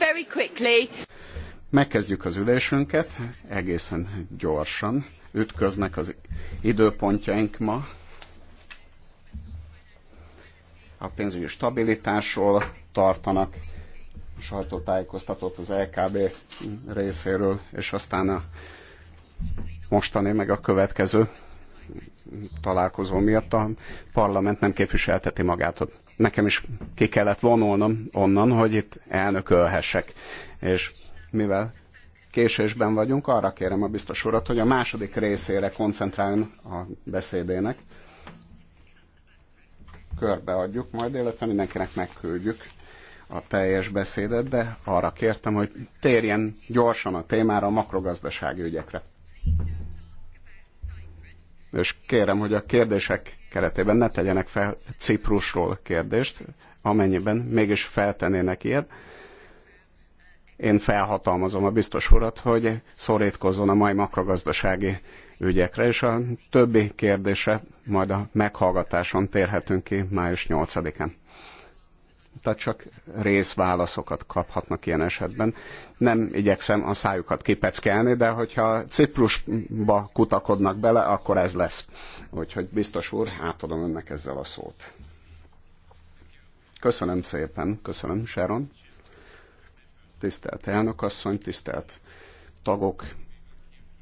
very quickly. Megkezdjük az ülésünket, egészen gyorsan. Ütköznek az időpontjaink ma. A pénzügyi stabilitásról tartanak a sajtótájékoztatót az LKB részéről, és aztán a mostani, meg a következő találkozó miatt a parlament nem képviselteti magát nekem is ki kellett vonulnom onnan, hogy itt elnökölhessek. És mivel késésben vagyunk, arra kérem a biztos urat, hogy a második részére koncentráljon a beszédének. Körbeadjuk majd, illetve mindenkinek megküldjük a teljes beszédet, de arra kértem, hogy térjen gyorsan a témára a makrogazdasági ügyekre. És kérem, hogy a kérdések keretében ne tegyenek fel Ciprusról kérdést, amennyiben mégis feltennének ilyet. Én felhatalmazom a biztos urat, hogy szorítkozzon a mai makrogazdasági ügyekre, és a többi kérdése majd a meghallgatáson térhetünk ki május 8-án tehát csak részválaszokat kaphatnak ilyen esetben. Nem igyekszem a szájukat kipeckelni, de hogyha Ciprusba kutakodnak bele, akkor ez lesz. Úgyhogy biztos úr, átadom önnek ezzel a szót. Köszönöm szépen, köszönöm Sharon. Tisztelt elnökasszony, tisztelt tagok,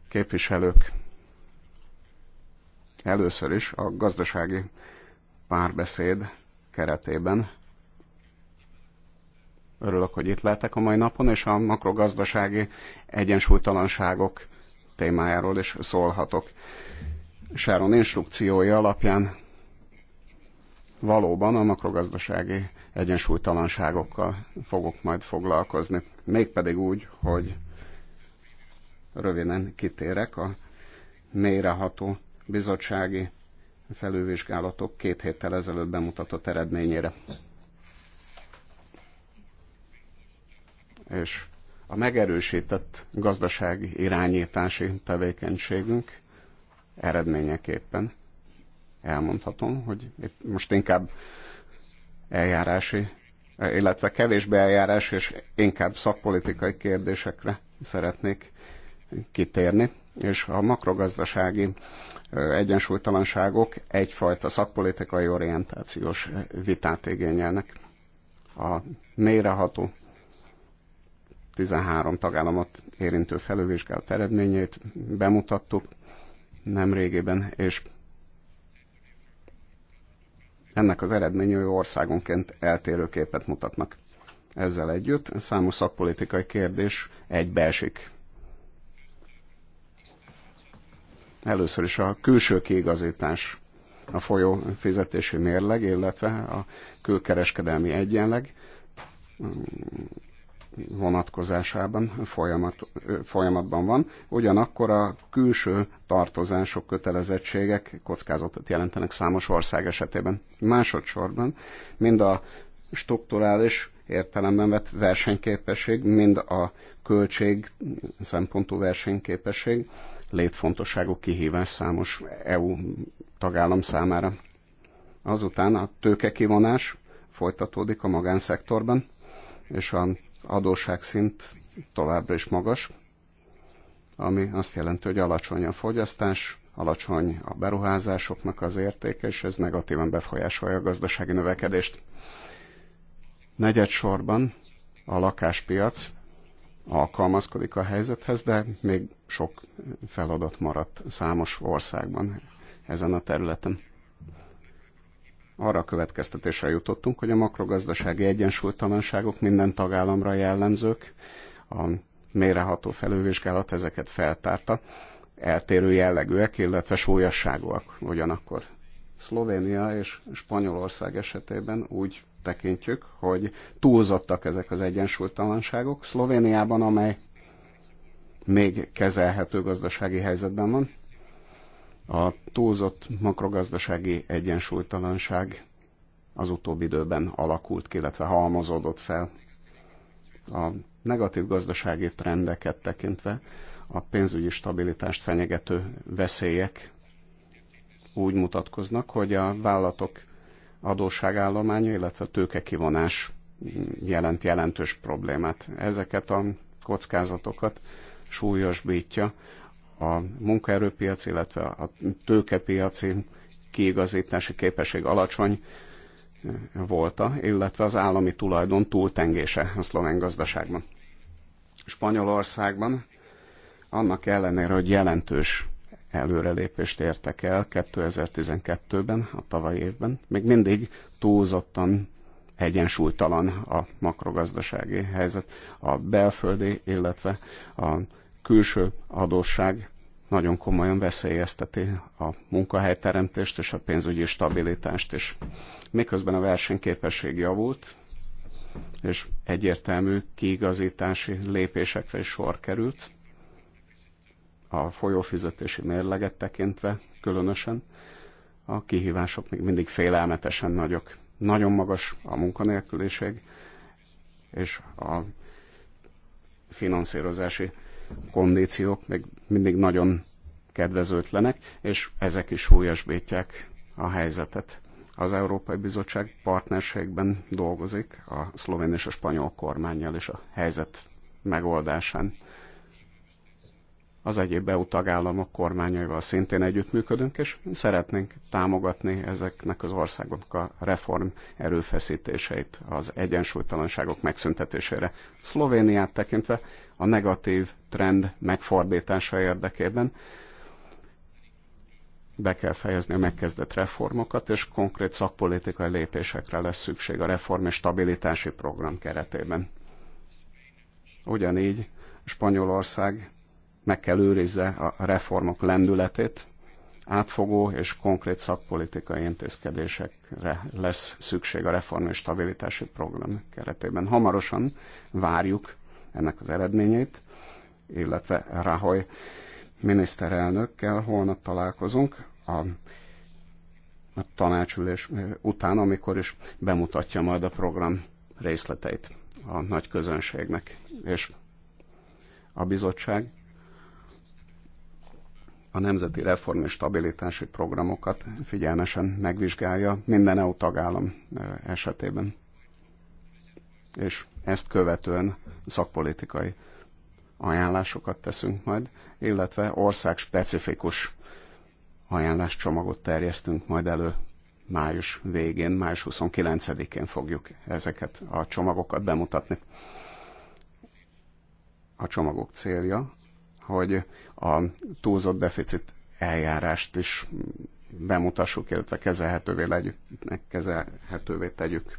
képviselők. Először is a gazdasági párbeszéd keretében Örülök, hogy itt lehetek a mai napon, és a makrogazdasági egyensúlytalanságok témájáról is szólhatok. Sáron instrukciói alapján valóban a makrogazdasági egyensúlytalanságokkal fogok majd foglalkozni. Mégpedig úgy, hogy röviden kitérek a mélyreható bizottsági felülvizsgálatok két héttel ezelőtt bemutatott eredményére. és a megerősített gazdasági irányítási tevékenységünk eredményeképpen elmondhatom, hogy itt most inkább eljárási, illetve kevésbé eljárás és inkább szakpolitikai kérdésekre szeretnék kitérni, és a makrogazdasági egyensúlytalanságok egyfajta szakpolitikai orientációs vitát igényelnek. A mélyreható 13 tagállamot érintő felővizsgálat eredményeit bemutattuk nem régében, és ennek az eredményei országonként eltérő képet mutatnak. Ezzel együtt számos szakpolitikai kérdés egybeesik. Először is a külső kiigazítás, a folyó fizetési mérleg, illetve a külkereskedelmi egyenleg vonatkozásában folyamat, folyamatban van, ugyanakkor a külső tartozások, kötelezettségek kockázatot jelentenek számos ország esetében. Másodszorban mind a strukturális értelemben vett versenyképesség, mind a költség szempontú versenyképesség létfontosságú kihívás számos EU tagállam számára. Azután a tőkekivonás folytatódik a magánszektorban, és a adósságszint továbbra is magas, ami azt jelenti, hogy alacsony a fogyasztás, alacsony a beruházásoknak az értéke, és ez negatívan befolyásolja a gazdasági növekedést. Negyedsorban a lakáspiac alkalmazkodik a helyzethez, de még sok feladat maradt számos országban ezen a területen arra a következtetésre jutottunk, hogy a makrogazdasági egyensúlytalanságok minden tagállamra jellemzők, a méreható felővizsgálat ezeket feltárta, eltérő jellegűek, illetve súlyosságúak ugyanakkor. Szlovénia és Spanyolország esetében úgy tekintjük, hogy túlzottak ezek az egyensúlytalanságok. Szlovéniában, amely még kezelhető gazdasági helyzetben van, a túlzott makrogazdasági egyensúlytalanság az utóbbi időben alakult ki, illetve halmozódott fel. A negatív gazdasági trendeket tekintve a pénzügyi stabilitást fenyegető veszélyek úgy mutatkoznak, hogy a vállalatok adósságállománya, illetve tőkekivonás jelent jelentős problémát. Ezeket a kockázatokat súlyosbítja a munkaerőpiac, illetve a tőkepiaci kiigazítási képesség alacsony volta, illetve az állami tulajdon túltengése a szlovén gazdaságban. Spanyolországban annak ellenére, hogy jelentős előrelépést értek el 2012-ben, a tavalyi évben, még mindig túlzottan egyensúlytalan a makrogazdasági helyzet, a belföldi, illetve a külső adósság nagyon komolyan veszélyezteti a munkahelyteremtést és a pénzügyi stabilitást is. Miközben a versenyképesség javult, és egyértelmű kiigazítási lépésekre is sor került, a folyófizetési mérleget tekintve különösen, a kihívások még mindig félelmetesen nagyok. Nagyon magas a munkanélküliség, és a finanszírozási kondíciók még mindig nagyon kedvezőtlenek, és ezek is súlyosbítják a helyzetet. Az Európai Bizottság partnerségben dolgozik a szlovén és a spanyol kormányjal és a helyzet megoldásán. Az egyéb EU tagállamok kormányaival szintén együttműködünk, és szeretnénk támogatni ezeknek az országoknak a reform erőfeszítéseit az egyensúlytalanságok megszüntetésére. Szlovéniát tekintve a negatív trend megfordítása érdekében be kell fejezni a megkezdett reformokat, és konkrét szakpolitikai lépésekre lesz szükség a reform és stabilitási program keretében. Ugyanígy Spanyolország meg kell őrizze a reformok lendületét, átfogó és konkrét szakpolitikai intézkedésekre lesz szükség a reform és stabilitási program keretében. Hamarosan várjuk ennek az eredményeit, illetve Rahoy miniszterelnökkel holnap találkozunk a, a tanácsülés után, amikor is bemutatja majd a program részleteit a nagy közönségnek. És a bizottság a nemzeti reform és stabilitási programokat figyelmesen megvizsgálja minden EU tagállam esetében és ezt követően szakpolitikai ajánlásokat teszünk majd, illetve országspecifikus ajánláscsomagot terjesztünk majd elő május végén, május 29-én fogjuk ezeket a csomagokat bemutatni. A csomagok célja, hogy a túlzott deficit eljárást is bemutassuk, illetve kezelhetővé, legyük, kezelhetővé tegyük.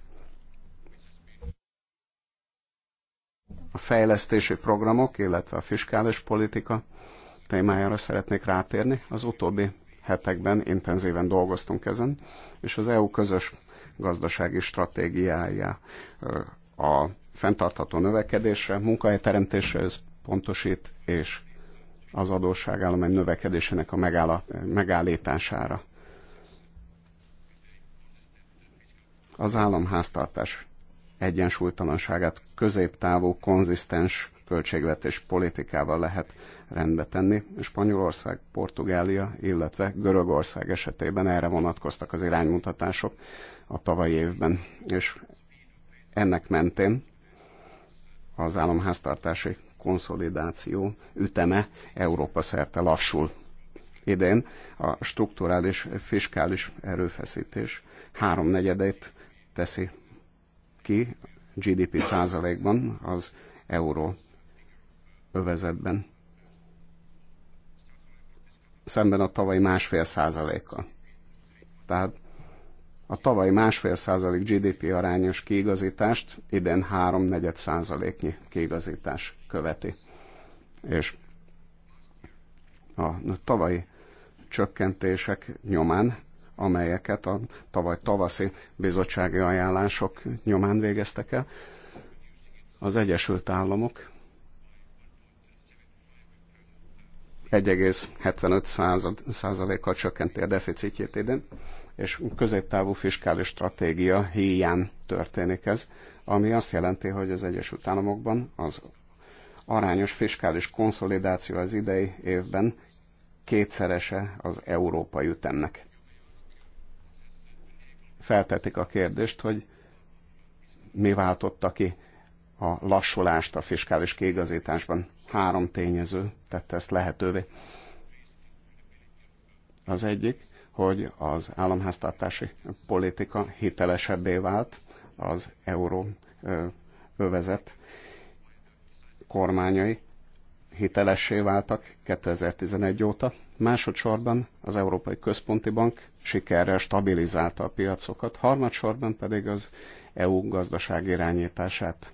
a fejlesztési programok, illetve a fiskális politika témájára szeretnék rátérni. Az utóbbi hetekben intenzíven dolgoztunk ezen, és az EU közös gazdasági stratégiája a fenntartható növekedésre, munkahelyteremtésre ez pontosít, és az adósságállomány növekedésének a megállítására. Az államháztartás egyensúlytalanságát középtávú, konzisztens költségvetés politikával lehet rendbe tenni. Spanyolország, Portugália, illetve Görögország esetében erre vonatkoztak az iránymutatások a tavalyi évben, és ennek mentén az államháztartási konszolidáció üteme Európa szerte lassul. Idén a strukturális fiskális erőfeszítés háromnegyedét teszi ki GDP százalékban az euró övezetben. Szemben a tavalyi másfél százalékkal. Tehát a tavalyi másfél százalék GDP arányos kiigazítást idén 3-4 százaléknyi kiigazítás követi. És a tavalyi csökkentések nyomán amelyeket a tavaly tavaszi bizottsági ajánlások nyomán végeztek el. Az Egyesült Államok 1,75 százalékkal csökkenti a deficitjét idén, és középtávú fiskális stratégia híján történik ez, ami azt jelenti, hogy az Egyesült Államokban az arányos fiskális konszolidáció az idei évben kétszerese az európai ütemnek feltetik a kérdést, hogy mi váltotta ki a lassulást a fiskális kiigazításban. Három tényező tette ezt lehetővé. Az egyik, hogy az államháztartási politika hitelesebbé vált az euró övezet kormányai hitelessé váltak 2011 óta. Másodszorban az Európai Központi Bank sikerrel stabilizálta a piacokat, harmadsorban pedig az EU gazdaság irányítását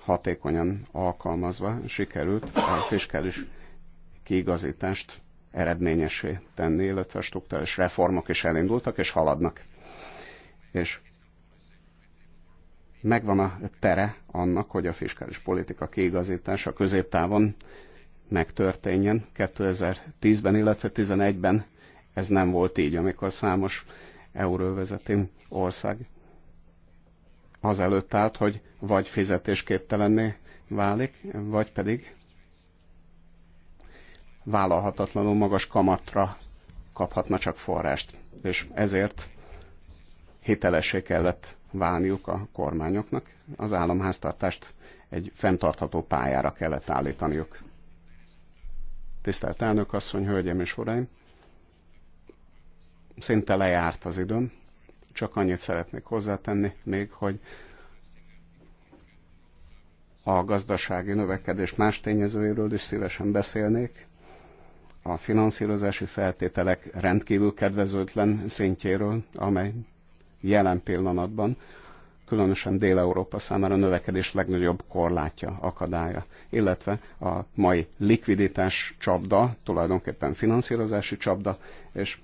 hatékonyan alkalmazva sikerült a fiskális kiigazítást eredményesé tenni, illetve a struktúrális reformok is elindultak és haladnak. És megvan a tere annak, hogy a fiskális politika kiigazítása középtávon megtörténjen 2010-ben, illetve 2011-ben. Ez nem volt így, amikor számos euróvezeti ország azelőtt állt, hogy vagy fizetésképtelenné válik, vagy pedig vállalhatatlanul magas kamatra kaphatna csak forrást. És ezért hitelessé kellett válniuk a kormányoknak, az államháztartást egy fenntartható pályára kellett állítaniuk. Tisztelt elnök asszony, hölgyem és uraim! Szinte lejárt az időm, csak annyit szeretnék hozzátenni még, hogy a gazdasági növekedés más tényezőiről is szívesen beszélnék. A finanszírozási feltételek rendkívül kedvezőtlen szintjéről, amely jelen pillanatban különösen Dél-Európa számára a növekedés legnagyobb korlátja, akadálya, illetve a mai likviditás csapda, tulajdonképpen finanszírozási csapda, és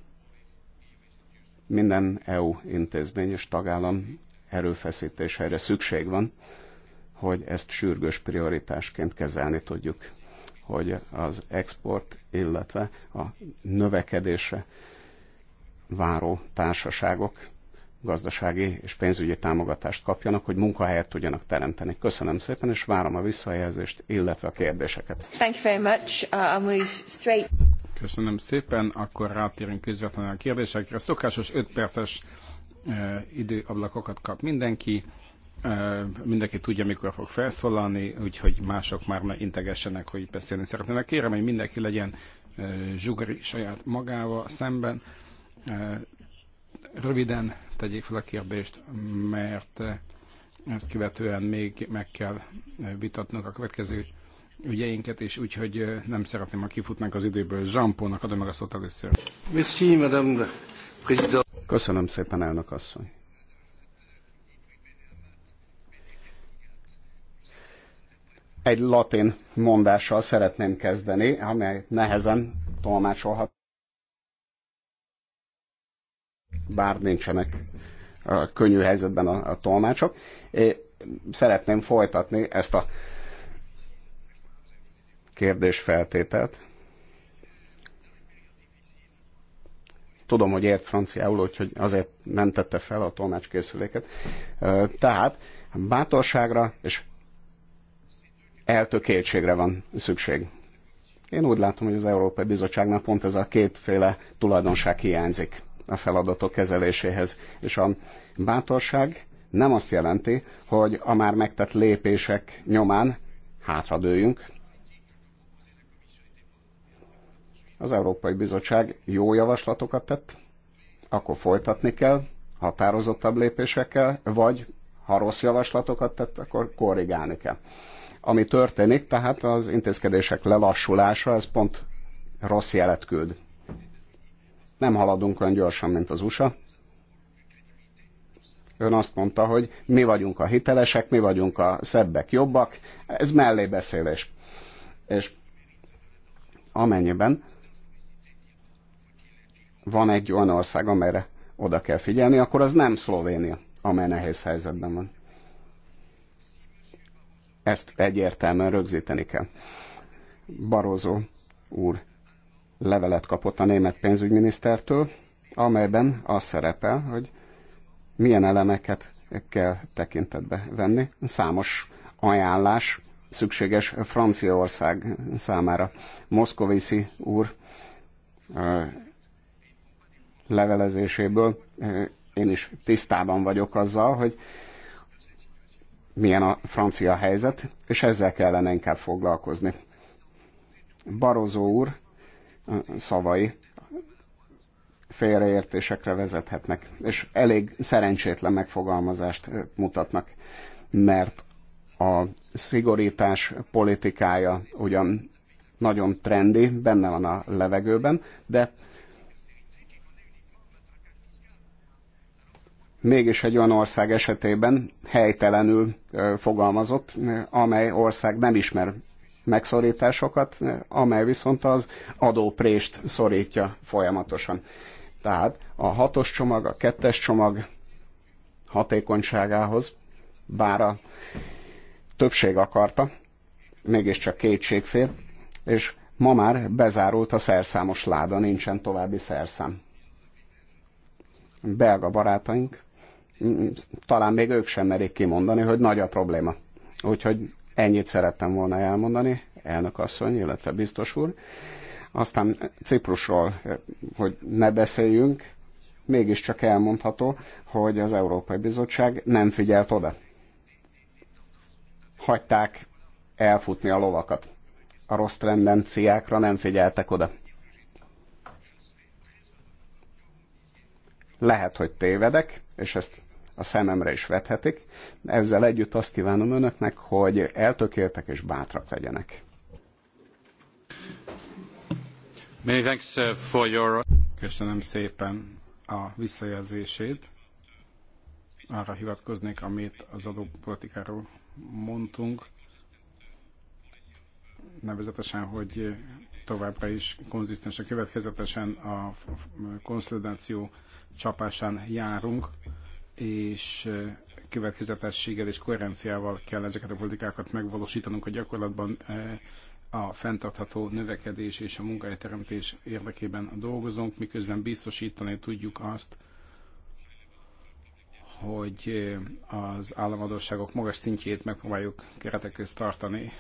minden EU intézmény és tagállam erőfeszítésére szükség van, hogy ezt sürgős prioritásként kezelni tudjuk, hogy az export, illetve a növekedése váró társaságok gazdasági és pénzügyi támogatást kapjanak, hogy munkahelyet tudjanak teremteni. Köszönöm szépen, és várom a visszajelzést, illetve a kérdéseket. Thank you very much. Uh, straight. Köszönöm szépen, akkor rátérünk közvetlenül a kérdésekre. Szokásos 5 perces uh, időablakokat kap mindenki. Uh, mindenki tudja, mikor fog felszólalni, úgyhogy mások már ne integessenek, hogy beszélni szeretnének. Kérem, hogy mindenki legyen uh, zsugari saját magával szemben uh, Röviden tegyék fel a kérdést, mert ezt követően még meg kell vitatnunk a következő ügyeinket, és úgyhogy nem szeretném, ha kifutnánk az időből. Zsampónak adom meg a szót először. Merci, madame Köszönöm szépen, elnök asszony. Egy latin mondással szeretném kezdeni, amely nehezen tolmácsolható bár nincsenek a könnyű helyzetben a, a tolmácsok. É, szeretném folytatni ezt a kérdésfeltételt. Tudom, hogy ért franciául, úgyhogy azért nem tette fel a tolmácskészüléket. Tehát bátorságra és eltökéltségre van szükség. Én úgy látom, hogy az Európai Bizottságnak pont ez a kétféle tulajdonság hiányzik a feladatok kezeléséhez. És a bátorság nem azt jelenti, hogy a már megtett lépések nyomán hátradőjünk. Az Európai Bizottság jó javaslatokat tett, akkor folytatni kell határozottabb lépésekkel, vagy ha rossz javaslatokat tett, akkor korrigálni kell. Ami történik, tehát az intézkedések lelassulása, ez pont rossz jelet küld nem haladunk olyan gyorsan, mint az USA. Ön azt mondta, hogy mi vagyunk a hitelesek, mi vagyunk a szebbek, jobbak. Ez mellébeszélés. És amennyiben van egy olyan ország, amelyre oda kell figyelni, akkor az nem Szlovénia, amely nehéz helyzetben van. Ezt egyértelműen rögzíteni kell. Barozó úr levelet kapott a német pénzügyminisztertől, amelyben az szerepel, hogy milyen elemeket kell tekintetbe venni. Számos ajánlás szükséges Franciaország számára. Moszkovici úr levelezéséből én is tisztában vagyok azzal, hogy milyen a francia helyzet, és ezzel kellene inkább foglalkozni. Barozó úr szavai félreértésekre vezethetnek, és elég szerencsétlen megfogalmazást eh, mutatnak, mert a szigorítás politikája ugyan nagyon trendi, benne van a levegőben, de mégis egy olyan ország esetében helytelenül eh, fogalmazott, eh, amely ország nem ismer megszorításokat, amely viszont az adóprést szorítja folyamatosan. Tehát a hatos csomag, a kettes csomag hatékonyságához, bár a többség akarta, mégiscsak kétségfél, és ma már bezárult a szerszámos láda, nincsen további szerszám. Belga barátaink, talán még ők sem merik kimondani, hogy nagy a probléma. Úgyhogy Ennyit szerettem volna elmondani, elnök asszony, illetve biztos úr. Aztán Ciprusról, eh, hogy ne beszéljünk, mégiscsak elmondható, hogy az Európai Bizottság nem figyelt oda. Hagyták elfutni a lovakat. A rossz tendenciákra nem figyeltek oda. Lehet, hogy tévedek, és ezt a szememre is vethetik. Ezzel együtt azt kívánom önöknek, hogy eltökéltek és bátrak legyenek. Many thanks uh, for your... Köszönöm szépen a visszajelzését. Arra hivatkoznék, amit az adópolitikáról mondtunk, nevezetesen, hogy továbbra is konzisztensen, következetesen a konszolidáció csapásán járunk és következetességgel és koherenciával kell ezeket a politikákat megvalósítanunk a gyakorlatban a fenntartható növekedés és a munkahelyteremtés érdekében dolgozunk, miközben biztosítani tudjuk azt, hogy az államadóságok magas szintjét megpróbáljuk keretek közt tartani,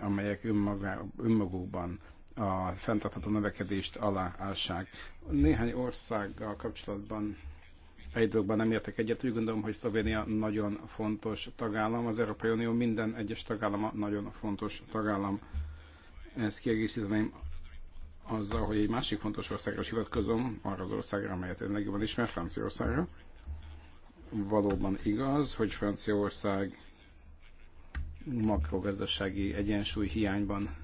amelyek önmagá, önmagukban a fenntartható növekedést aláássák. Néhány országgal kapcsolatban egy dologban nem értek egyet, úgy gondolom, hogy Szlovénia nagyon fontos tagállam, az Európai Unió minden egyes tagállama nagyon fontos tagállam. Ezt kiegészíteném azzal, hogy egy másik fontos országra is hivatkozom, arra az országra, amelyet én legjobban ismer, Franciaországra. Valóban igaz, hogy Franciaország makrogazdasági egyensúly hiányban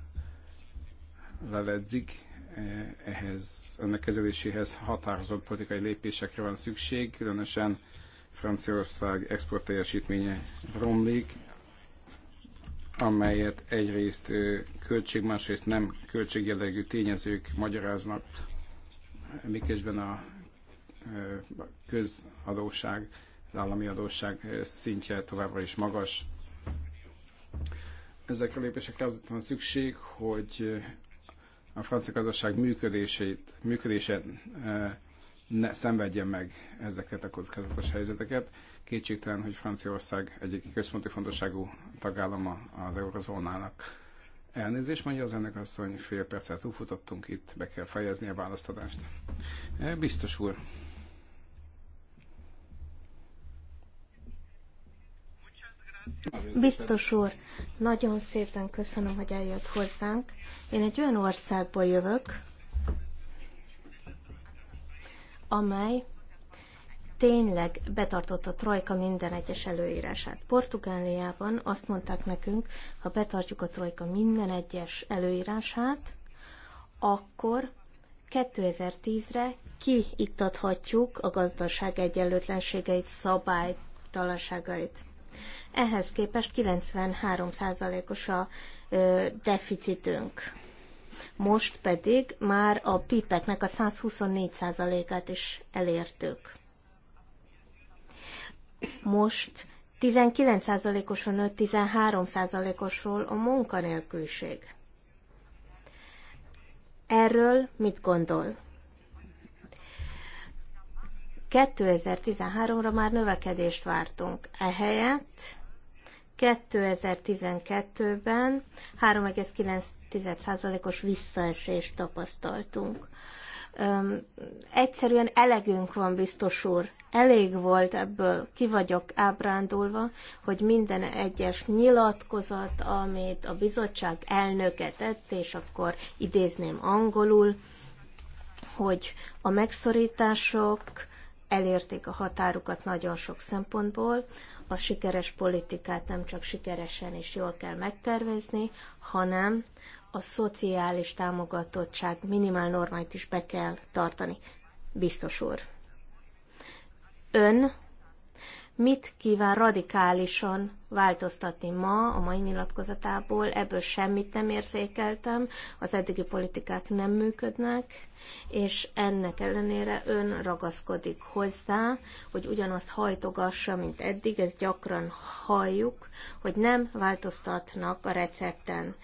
leledzik, ehhez, ennek kezeléséhez határozott politikai lépésekre van szükség, különösen Franciaország export teljesítménye romlik, amelyet egyrészt költség, másrészt nem költségjellegű tényezők magyaráznak, miközben a közadóság, az állami adósság szintje továbbra is magas. Ezekre a lépésekre az van szükség, hogy a francia gazdaság működését, működése ne szenvedje meg ezeket a kockázatos helyzeteket. Kétségtelen, hogy Franciaország egyik központi fontosságú tagállama az eurozónának. Elnézést mondja az ennek asszony, fél percet túlfutottunk itt, be kell fejezni a választadást. E, biztos úr, Biztos úr, nagyon szépen köszönöm, hogy eljött hozzánk. Én egy olyan országból jövök, amely tényleg betartotta a trojka minden egyes előírását. Portugáliában azt mondták nekünk, ha betartjuk a trojka minden egyes előírását, akkor 2010-re kiiktathatjuk a gazdaság egyenlőtlenségeit, szabálytalanságait. Ehhez képest 93%-os a deficitünk. Most pedig már a pipeknek a 124%-át is elértük. Most 19 osra nőtt 13%-osról a munkanélküliség. Erről mit gondol? 2013-ra már növekedést vártunk. Ehelyett 2012-ben 3,9%-os visszaesést tapasztaltunk. Öm, egyszerűen elegünk van, biztos úr. Elég volt ebből, ki vagyok ábrándulva, hogy minden egyes nyilatkozat, amit a bizottság elnöke tett, és akkor idézném angolul, hogy a megszorítások elérték a határukat nagyon sok szempontból. A sikeres politikát nem csak sikeresen és jól kell megtervezni, hanem a szociális támogatottság minimál normáit is be kell tartani. Biztos úr. Ön mit kíván radikálisan változtatni ma a mai nyilatkozatából, ebből semmit nem érzékeltem, az eddigi politikák nem működnek, és ennek ellenére ön ragaszkodik hozzá, hogy ugyanazt hajtogassa, mint eddig, ezt gyakran halljuk, hogy nem változtatnak a recepten.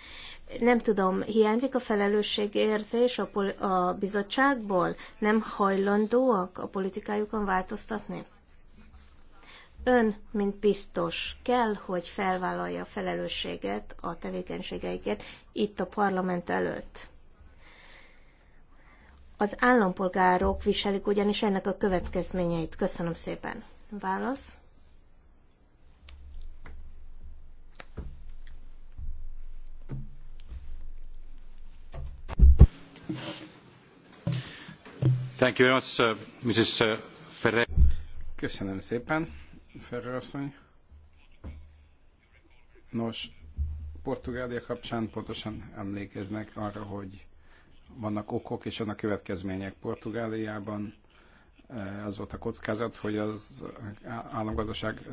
Nem tudom, hiányzik a felelősségérzés a, pol- a bizottságból? Nem hajlandóak a politikájukon változtatni? ön, mint biztos, kell, hogy felvállalja a felelősséget a tevékenységeiket itt a parlament előtt. Az állampolgárok viselik ugyanis ennek a következményeit. Köszönöm szépen. Válasz? Thank you very much, Mrs. Uh, Ferreira. Köszönöm szépen. Ferrer asszony. Nos, Portugália kapcsán pontosan emlékeznek arra, hogy vannak okok és annak következmények Portugáliában. Eh, az volt a kockázat, hogy az államgazdaság,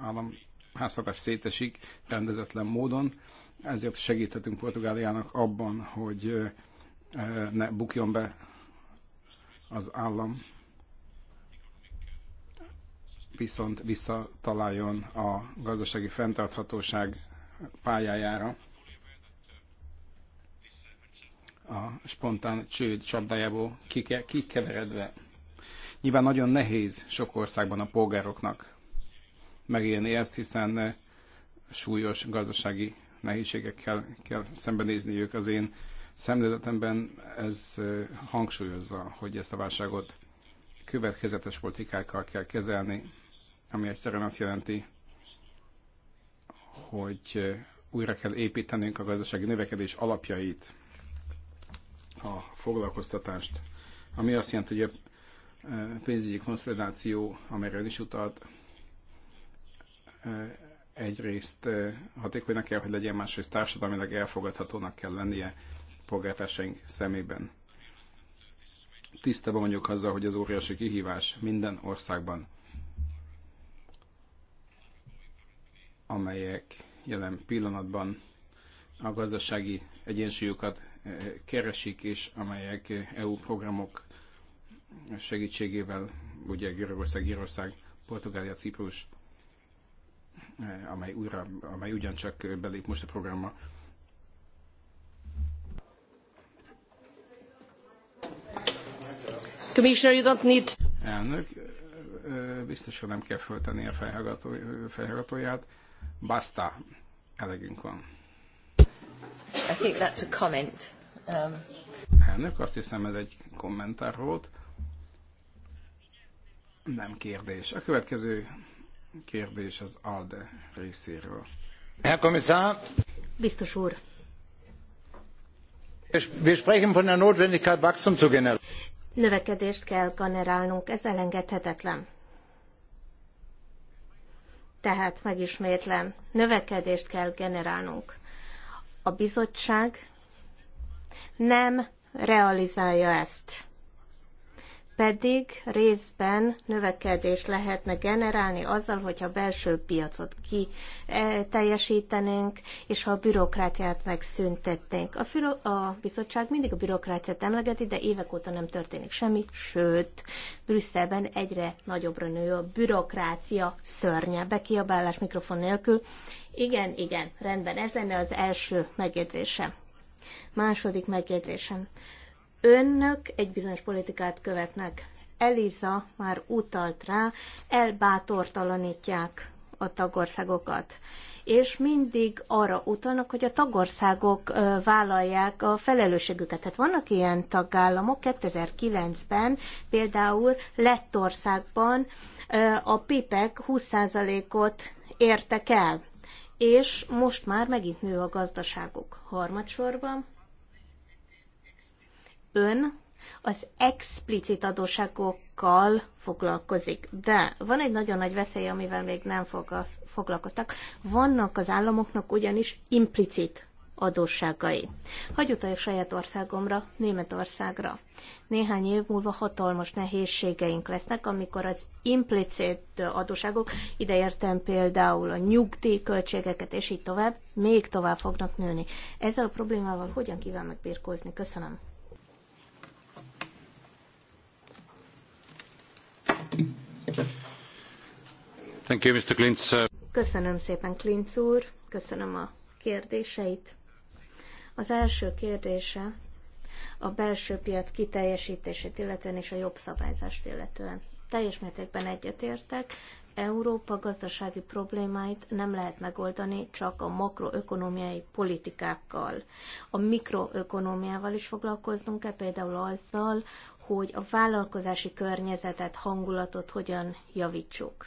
eh, háztartás szétesik rendezetlen módon, ezért segíthetünk Portugáliának abban, hogy eh, ne bukjon be az állam viszont visszataláljon a gazdasági fenntarthatóság pályájára. A spontán csőd csapdájából kikeveredve. Nyilván nagyon nehéz sok országban a polgároknak megélni ezt, hiszen eh, súlyos gazdasági nehézségekkel kell szembenézniük. Az én szemléletemben ez eh, hangsúlyozza, hogy ezt a válságot következetes politikákkal kell kezelni ami egyszerűen azt jelenti, hogy eh, újra kell építenünk a gazdasági növekedés alapjait, a foglalkoztatást, ami azt jelenti, hogy a eh, pénzügyi konszolidáció, amelyről is utalt, eh, egyrészt hatékonynak kell, hogy legyen, másrészt társadalmilag elfogadhatónak kell lennie polgártársaink szemében. Tisztában mondjuk azzal, hogy az óriási kihívás minden országban amelyek jelen pillanatban a gazdasági egyensúlyokat eh, keresik, és amelyek eh, EU programok segítségével, ugye Görögország, Írország, Portugália, Ciprus, eh, amely, újra, amely ugyancsak belép most a programba, Commissioner, you don't need... Elnök, biztosan nem kell föltenni a fejhallgatóját Basta, elegünk van. I think that's a comment. Um... Elnök, azt hiszem ez egy kommentár volt. Nem kérdés. A következő kérdés az ALDE részéről. Herr Kommissar! Biztos úr! Wir sprechen von der Notwendigkeit, Wachstum zu generieren. Növekedést kell generálnunk, ez elengedhetetlen. Tehát megismétlem, növekedést kell generálnunk. A bizottság nem realizálja ezt pedig részben növekedés lehetne generálni azzal, hogyha a belső piacot ki e, teljesítenénk, és ha a bürokráciát megszüntetnénk. A, füro- a bizottság mindig a bürokráciát emlegeti, de évek óta nem történik semmi, sőt, Brüsszelben egyre nagyobbra nő a bürokrácia szörnye. Bekiabálás mikrofon nélkül. Igen, igen, rendben, ez lenne az első megjegyzésem. Második megjegyzésem önök egy bizonyos politikát követnek. Eliza már utalt rá, elbátortalanítják a tagországokat. És mindig arra utalnak, hogy a tagországok vállalják a felelősségüket. Tehát vannak ilyen tagállamok, 2009-ben például Lettországban a pipek 20%-ot értek el, és most már megint nő a gazdaságuk. Harmadsorban ön az explicit adóságokkal foglalkozik. De van egy nagyon nagy veszély, amivel még nem foglalkoztak. Vannak az államoknak ugyanis implicit adósságai. Hagy utaljak saját országomra, Németországra. Néhány év múlva hatalmas nehézségeink lesznek, amikor az implicit adóságok, értem például a nyugdíjköltségeket és így tovább, még tovább fognak nőni. Ezzel a problémával hogyan kíván megbírkózni? Köszönöm. Thank you, Mr. Klintz. Köszönöm szépen, Klintz úr. Köszönöm a kérdéseit. Az első kérdése a belső piac kiteljesítését illetően és a jobb szabályzást illetően. Teljes mértékben egyetértek, Európa gazdasági problémáit nem lehet megoldani csak a makroökonomiai politikákkal. A mikroökonomiával is foglalkoznunk kell, például azzal, hogy a vállalkozási környezetet, hangulatot hogyan javítsuk.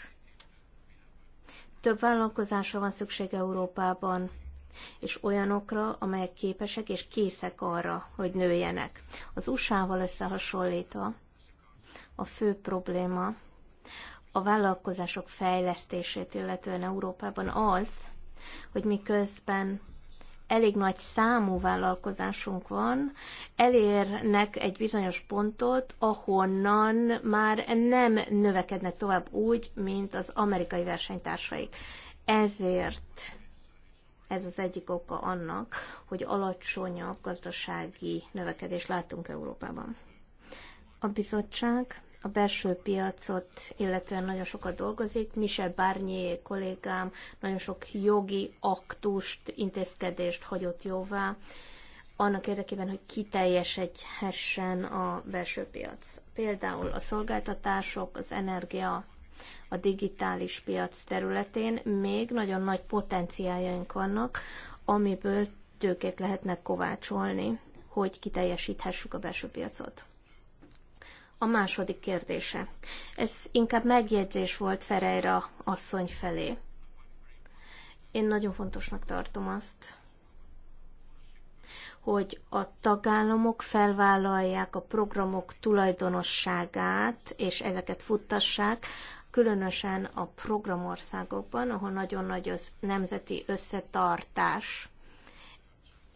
Több vállalkozásra van szükség Európában, és olyanokra, amelyek képesek és készek arra, hogy nőjenek. Az USA-val összehasonlítva a fő probléma a vállalkozások fejlesztését illetően Európában az, hogy miközben elég nagy számú vállalkozásunk van, elérnek egy bizonyos pontot, ahonnan már nem növekednek tovább úgy, mint az amerikai versenytársaik. Ezért ez az egyik oka annak, hogy alacsonyabb gazdasági növekedést látunk Európában. A bizottság a belső piacot, illetve nagyon sokat dolgozik. Mise bárnyi kollégám nagyon sok jogi aktust, intézkedést hagyott jóvá, annak érdekében, hogy kiteljesedhessen a belső piac. Például a szolgáltatások, az energia, a digitális piac területén még nagyon nagy potenciáljaink vannak, amiből tőkét lehetne kovácsolni, hogy kiteljesíthessük a belső piacot a második kérdése. Ez inkább megjegyzés volt Ferejra asszony felé. Én nagyon fontosnak tartom azt, hogy a tagállamok felvállalják a programok tulajdonosságát, és ezeket futtassák, különösen a programországokban, ahol nagyon nagy az nemzeti összetartás.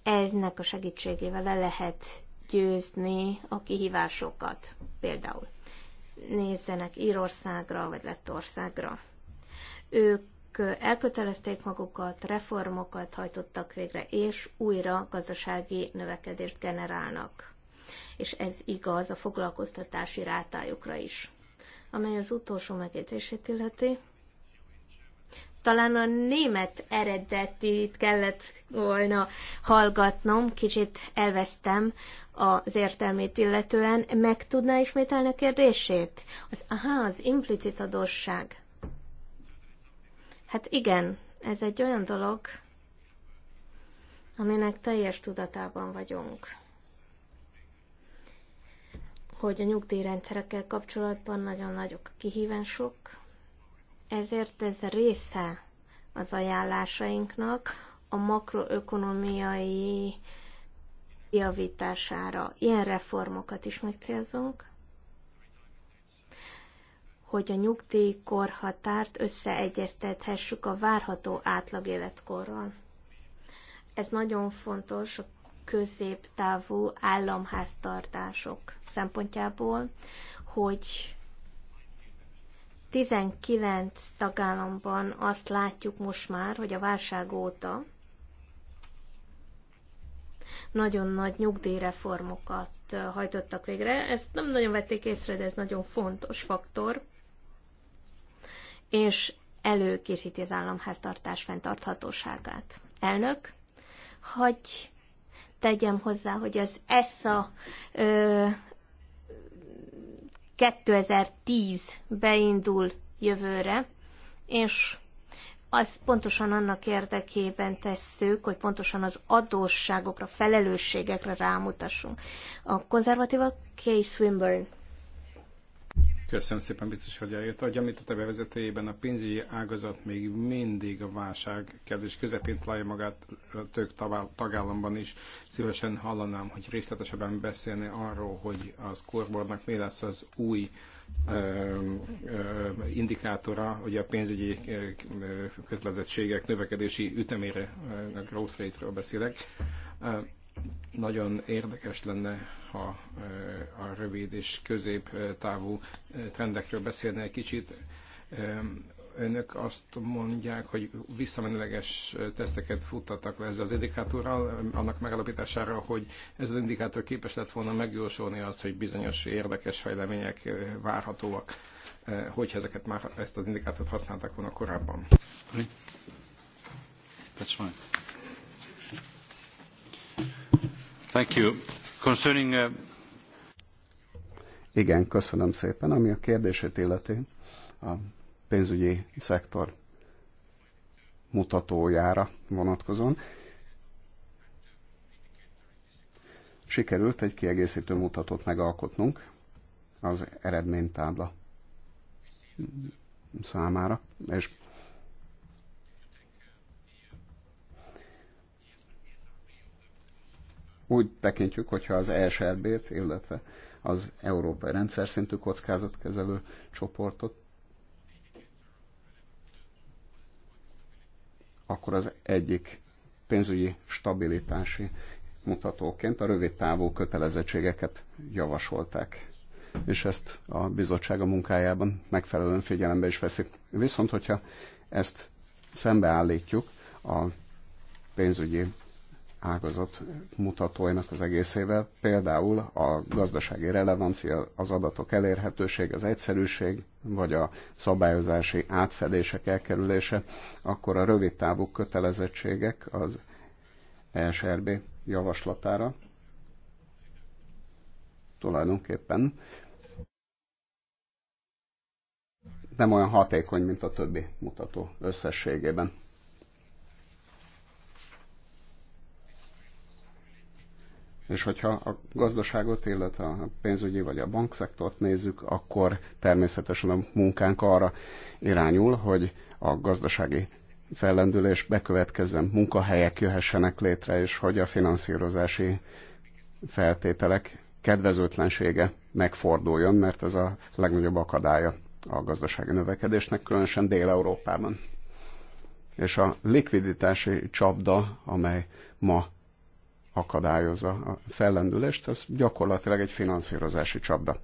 Ennek a segítségével le lehet legyőzni a kihívásokat. Például nézzenek Írországra vagy Lettországra. Ők elkötelezték magukat, reformokat hajtottak végre, és újra gazdasági növekedést generálnak. És ez igaz a foglalkoztatási rátájukra is. Amely az utolsó megjegyzését illeti, talán a német eredetit kellett volna hallgatnom, kicsit elvesztem az értelmét illetően, meg tudná ismételni a kérdését? Az, aha, az implicit adósság. Hát igen, ez egy olyan dolog, aminek teljes tudatában vagyunk. Hogy a nyugdíjrendszerekkel kapcsolatban nagyon nagyok a kihívások, ezért ez része az ajánlásainknak a makroökonomiai javítására ilyen reformokat is megcélzunk, hogy a nyugdíjkorhatárt összeegyeztethessük a várható átlagéletkorral. Ez nagyon fontos a középtávú államháztartások szempontjából, hogy 19 tagállamban azt látjuk most már, hogy a válság óta nagyon nagy nyugdíjreformokat hajtottak végre. Ezt nem nagyon vették észre, de ez nagyon fontos faktor. És előkészíti az államháztartás fenntarthatóságát. Elnök, hogy tegyem hozzá, hogy az ESSA ö, 2010 beindul jövőre, és azt pontosan annak érdekében tesszük, hogy pontosan az adósságokra, felelősségekre rámutassunk. A konzervatívak Kay Swinburne Köszönöm szépen, biztos, hogy eljött. Ahogy említett a bevezetőjében, a pénzügyi ágazat még mindig a válság kedves közepén találja magát tök tagállamban is. Szívesen hallanám, hogy részletesebben beszélni arról, hogy a scoreboardnak mi lesz az új ö, ö, indikátora, ugye a pénzügyi kötelezettségek növekedési ütemére, a growth rate-ről beszélek. Nagyon érdekes lenne ha a rövid és középtávú trendekről beszélne egy kicsit. Önök azt mondják, hogy visszamenőleges teszteket futtattak le ezzel az indikátorral, annak megalapítására, hogy ez az indikátor képes lett volna megjósolni azt, hogy bizonyos érdekes fejlemények várhatóak, hogyha ezeket már, ezt az indikátort használták volna korábban. Thank you. Concerning, uh... Igen, köszönöm szépen. Ami a kérdését illeti, a pénzügyi szektor mutatójára vonatkozóan. Sikerült egy kiegészítő mutatót megalkotnunk az eredménytábla számára, és úgy tekintjük, hogyha az ESRB-t, illetve az Európai Rendszer szintű kockázatkezelő csoportot, akkor az egyik pénzügyi stabilitási mutatóként a rövid távú kötelezettségeket javasolták és ezt a bizottság a munkájában megfelelően figyelembe is veszik. Viszont, hogyha ezt szembeállítjuk a pénzügyi ágazat mutatóinak az egészével, például a gazdasági relevancia, az adatok elérhetőség, az egyszerűség, vagy a szabályozási átfedések elkerülése, akkor a rövid távú kötelezettségek az ESRB javaslatára tulajdonképpen nem olyan hatékony, mint a többi mutató összességében. És hogyha a gazdaságot, illetve a pénzügyi vagy a bankszektort nézzük, akkor természetesen a munkánk arra irányul, hogy a gazdasági fellendülés bekövetkezzen, munkahelyek jöhessenek létre, és hogy a finanszírozási feltételek kedvezőtlensége megforduljon, mert ez a legnagyobb akadálya a gazdasági növekedésnek, különösen Dél-Európában. És a likviditási csapda, amely ma akadályozza a fellendülést, ez gyakorlatilag egy finanszírozási csapda.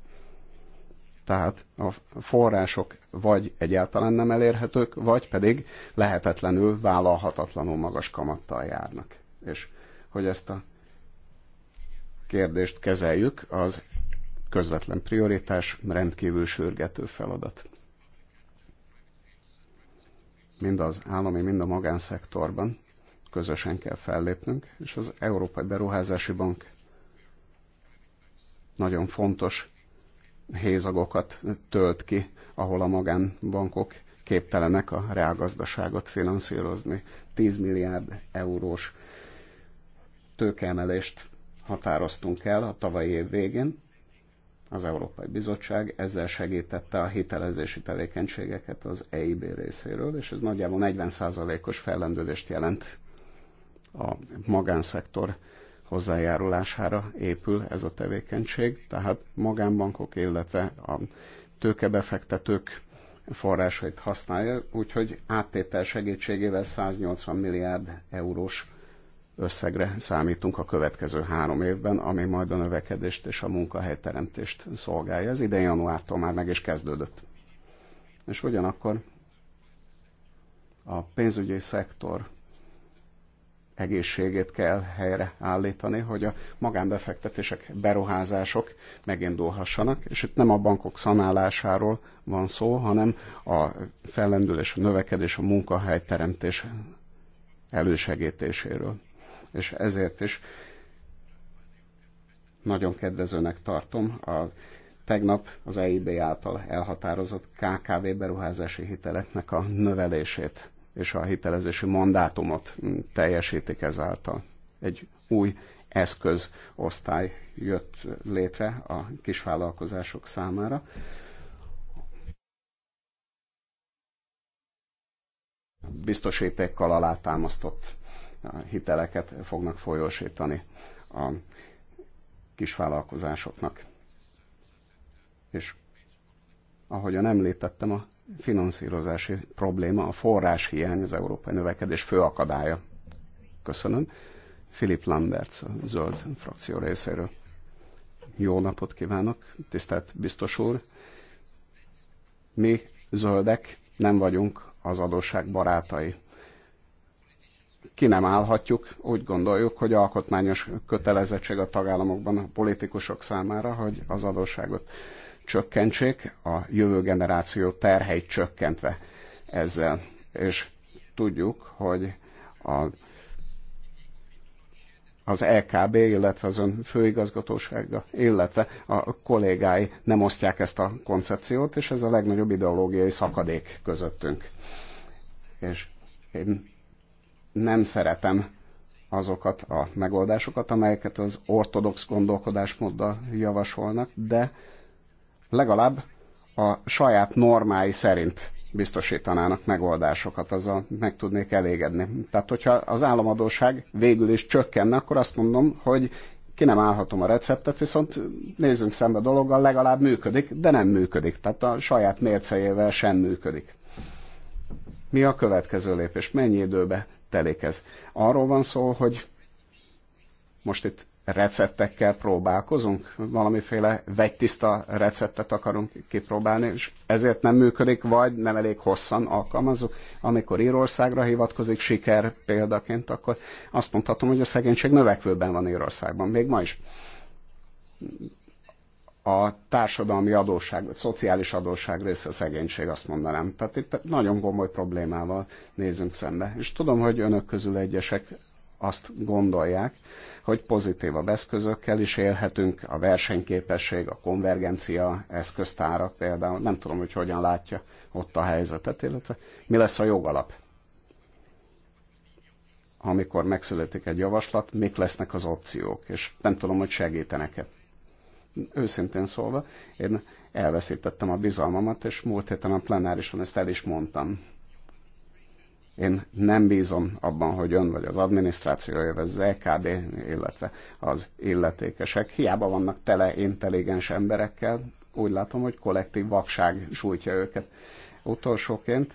Tehát a források vagy egyáltalán nem elérhetők, vagy pedig lehetetlenül vállalhatatlanul magas kamattal járnak. És hogy ezt a kérdést kezeljük, az közvetlen prioritás, rendkívül sürgető feladat. Mind az állami, mind a magánszektorban közösen kell fellépnünk, és az Európai Beruházási Bank nagyon fontos hézagokat tölt ki, ahol a magánbankok képtelenek a reálgazdaságot finanszírozni. 10 milliárd eurós tőkeemelést határoztunk el a tavalyi év végén. Az Európai Bizottság ezzel segítette a hitelezési tevékenységeket az EIB részéről, és ez nagyjából 40%-os fellendülést jelent a magánszektor hozzájárulására épül ez a tevékenység, tehát magánbankok, illetve a tőkebefektetők forrásait használja, úgyhogy áttétel segítségével 180 milliárd eurós összegre számítunk a következő három évben, ami majd a növekedést és a munkahelyteremtést szolgálja. Ez idén januártól már meg is kezdődött. És ugyanakkor a pénzügyi szektor egészségét kell helyreállítani, hogy a magánbefektetések, beruházások megindulhassanak, és itt nem a bankok szanálásáról van szó, hanem a fellendülés, a növekedés, a munkahelyteremtés elősegítéséről. És ezért is nagyon kedvezőnek tartom a tegnap az EIB által elhatározott KKV beruházási hiteleknek a növelését és a hitelezési mandátumot teljesítik ezáltal. Egy új eszközosztály jött létre a kisvállalkozások számára. Biztosítékkal alátámasztott hiteleket fognak folyósítani a kisvállalkozásoknak. És ahogyan említettem, a finanszírozási probléma, a forrás hiány az európai növekedés fő akadálya. Köszönöm. Filip Lambert, a zöld frakció részéről. Jó napot kívánok, tisztelt biztos úr. Mi zöldek nem vagyunk az adósság barátai. Ki nem állhatjuk, úgy gondoljuk, hogy alkotmányos kötelezettség a tagállamokban a politikusok számára, hogy az adósságot csökkentsék a jövő generáció terheit csökkentve ezzel. És tudjuk, hogy a, az LKB, e illetve az ön főigazgatósága, illetve a kollégái nem osztják ezt a koncepciót, és ez a legnagyobb ideológiai szakadék közöttünk. És én nem szeretem azokat a megoldásokat, amelyeket az ortodox gondolkodásmóddal javasolnak, de legalább a saját normái szerint biztosítanának megoldásokat, azzal meg tudnék elégedni. Tehát, hogyha az államadóság végül is csökkenne, akkor azt mondom, hogy ki nem állhatom a receptet, viszont nézzünk szembe a dologgal, legalább működik, de nem működik. Tehát a saját mércejével sem működik. Mi a következő lépés? Mennyi időbe telik ez? Arról van szó, hogy most itt receptekkel próbálkozunk, valamiféle vegytiszta receptet akarunk kipróbálni, és ezért nem működik, vagy nem elég hosszan alkalmazunk. Amikor Írországra hivatkozik siker példaként, akkor azt mondhatom, hogy a szegénység növekvőben van Írországban, még ma is. A társadalmi adósság, vagy szociális adósság része a szegénység, azt mondanám. Tehát itt nagyon komoly problémával nézünk szembe. És tudom, hogy önök közül egyesek azt gondolják, hogy pozitívabb eszközökkel is élhetünk, a versenyképesség, a konvergencia eszköztára például, nem tudom, hogy hogyan látja ott a helyzetet, illetve mi lesz a jogalap. Amikor megszületik egy javaslat, mik lesznek az opciók, és nem tudom, hogy segítenek-e. Őszintén szólva, én elveszítettem a bizalmamat, és múlt héten a plenárison ezt el is mondtam én nem bízom abban, hogy ön vagy az adminisztráció, vagy az LKB, e illetve az illetékesek. Hiába vannak tele intelligens emberekkel, úgy látom, hogy kollektív vakság sújtja őket. Utolsóként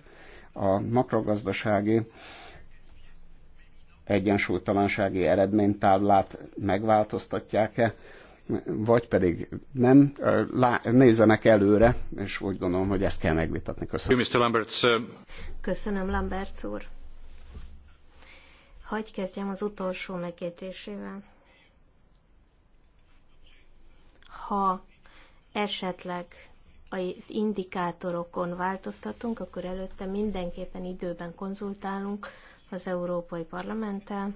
a makrogazdasági egyensúlytalansági eredménytáblát megváltoztatják-e vagy pedig nem, nézzenek előre, és úgy gondolom, hogy ezt kell megvitatni. Köszönöm. Mr. Lambert, uh, Köszönöm, Lambert úr. Hagy kezdjem az utolsó megjegyzésével. Ha esetleg az indikátorokon változtatunk, akkor előtte mindenképpen időben konzultálunk az Európai Parlamenttel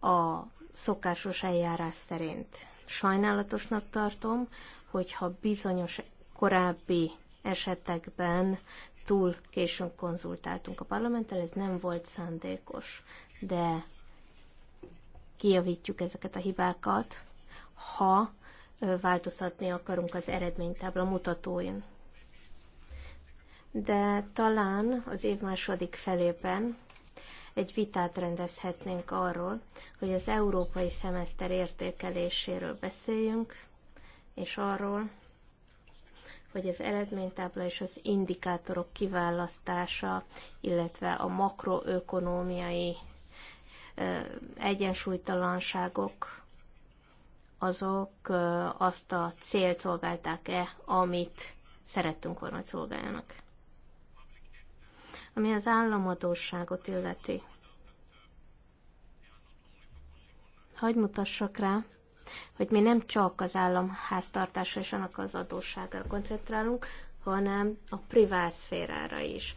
a szokásos eljárás szerint Sajnálatosnak tartom, hogyha bizonyos korábbi esetekben túl későn konzultáltunk a parlamenttel, ez nem volt szándékos, de kijavítjuk ezeket a hibákat, ha változtatni akarunk az eredménytábla mutatóin. De talán az év második felében egy vitát rendezhetnénk arról, hogy az európai szemeszter értékeléséről beszéljünk, és arról, hogy az eredménytábla és az indikátorok kiválasztása, illetve a makroökonómiai egyensúlytalanságok, azok azt a célt szolgálták-e, amit szerettünk volna, hogy szolgáljanak. Ami az államadóságot illeti, hagyd mutassak rá, hogy mi nem csak az államháztartásra és annak az adósságra koncentrálunk, hanem a privát szférára is.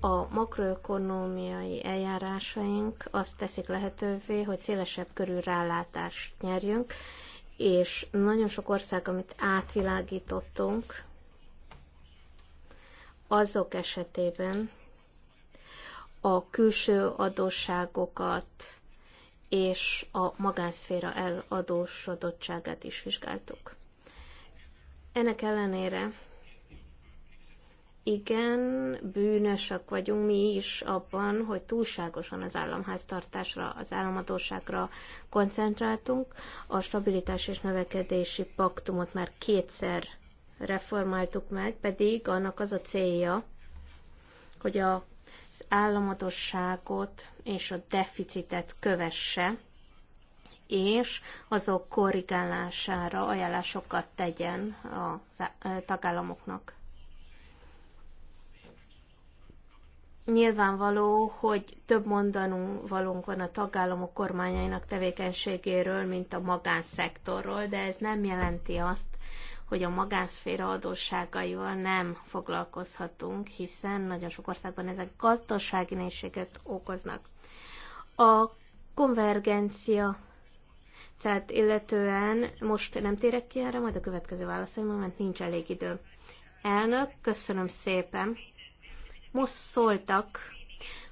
A makroökonómiai eljárásaink azt teszik lehetővé, hogy szélesebb körű rálátást nyerjünk, és nagyon sok ország, amit átvilágítottunk, azok esetében a külső adósságokat és a magánszféra eladósodottságát is vizsgáltuk. Ennek ellenére igen, bűnösök vagyunk mi is abban, hogy túlságosan az államháztartásra, az államadóságra koncentráltunk. A stabilitás és növekedési paktumot már kétszer reformáltuk meg, pedig annak az a célja, hogy a az államadosságot és a deficitet kövesse, és azok korrigálására ajánlásokat tegyen a tagállamoknak. Nyilvánvaló, hogy több mondanunk valunk van a tagállamok kormányainak tevékenységéről, mint a magánszektorról, de ez nem jelenti azt, hogy a magánszféra adósságaival nem foglalkozhatunk, hiszen nagyon sok országban ezek gazdasági nehézséget okoznak. A konvergencia tehát illetően most nem térek ki erre, majd a következő válaszolom, mert nincs elég idő. Elnök, köszönöm szépen. Most szóltak,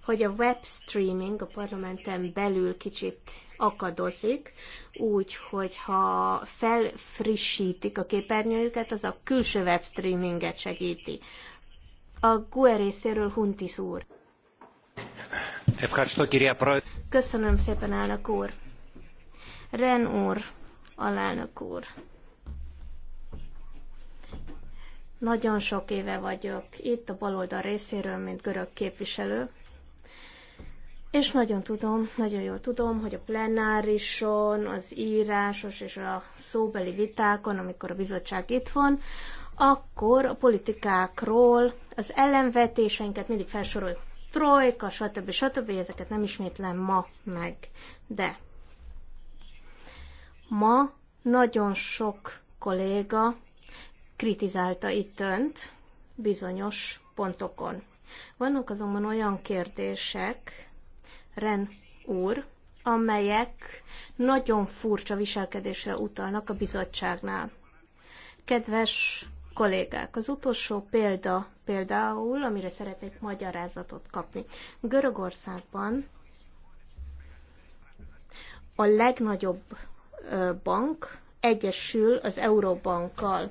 hogy a webstreaming a parlamenten belül kicsit akadozik, úgyhogy ha felfrissítik a képernyőjüket, az a külső webstreaminget segíti. A GUE részéről Huntis úr. Köszönöm szépen, elnök úr. Ren úr, alelnök úr. Nagyon sok éve vagyok itt a baloldal részéről, mint görög képviselő, és nagyon tudom, nagyon jól tudom, hogy a plenárison, az írásos és a szóbeli vitákon, amikor a bizottság itt van, akkor a politikákról az ellenvetéseinket mindig felsorol. Trojka, stb. stb. Ezeket nem ismétlem ma meg. De ma nagyon sok kolléga kritizálta itt önt bizonyos pontokon. Vannak azonban olyan kérdések, Ren úr, amelyek nagyon furcsa viselkedésre utalnak a bizottságnál. Kedves kollégák, az utolsó példa például, amire szeretnék magyarázatot kapni. Görögországban a legnagyobb bank egyesül az Euróbankkal,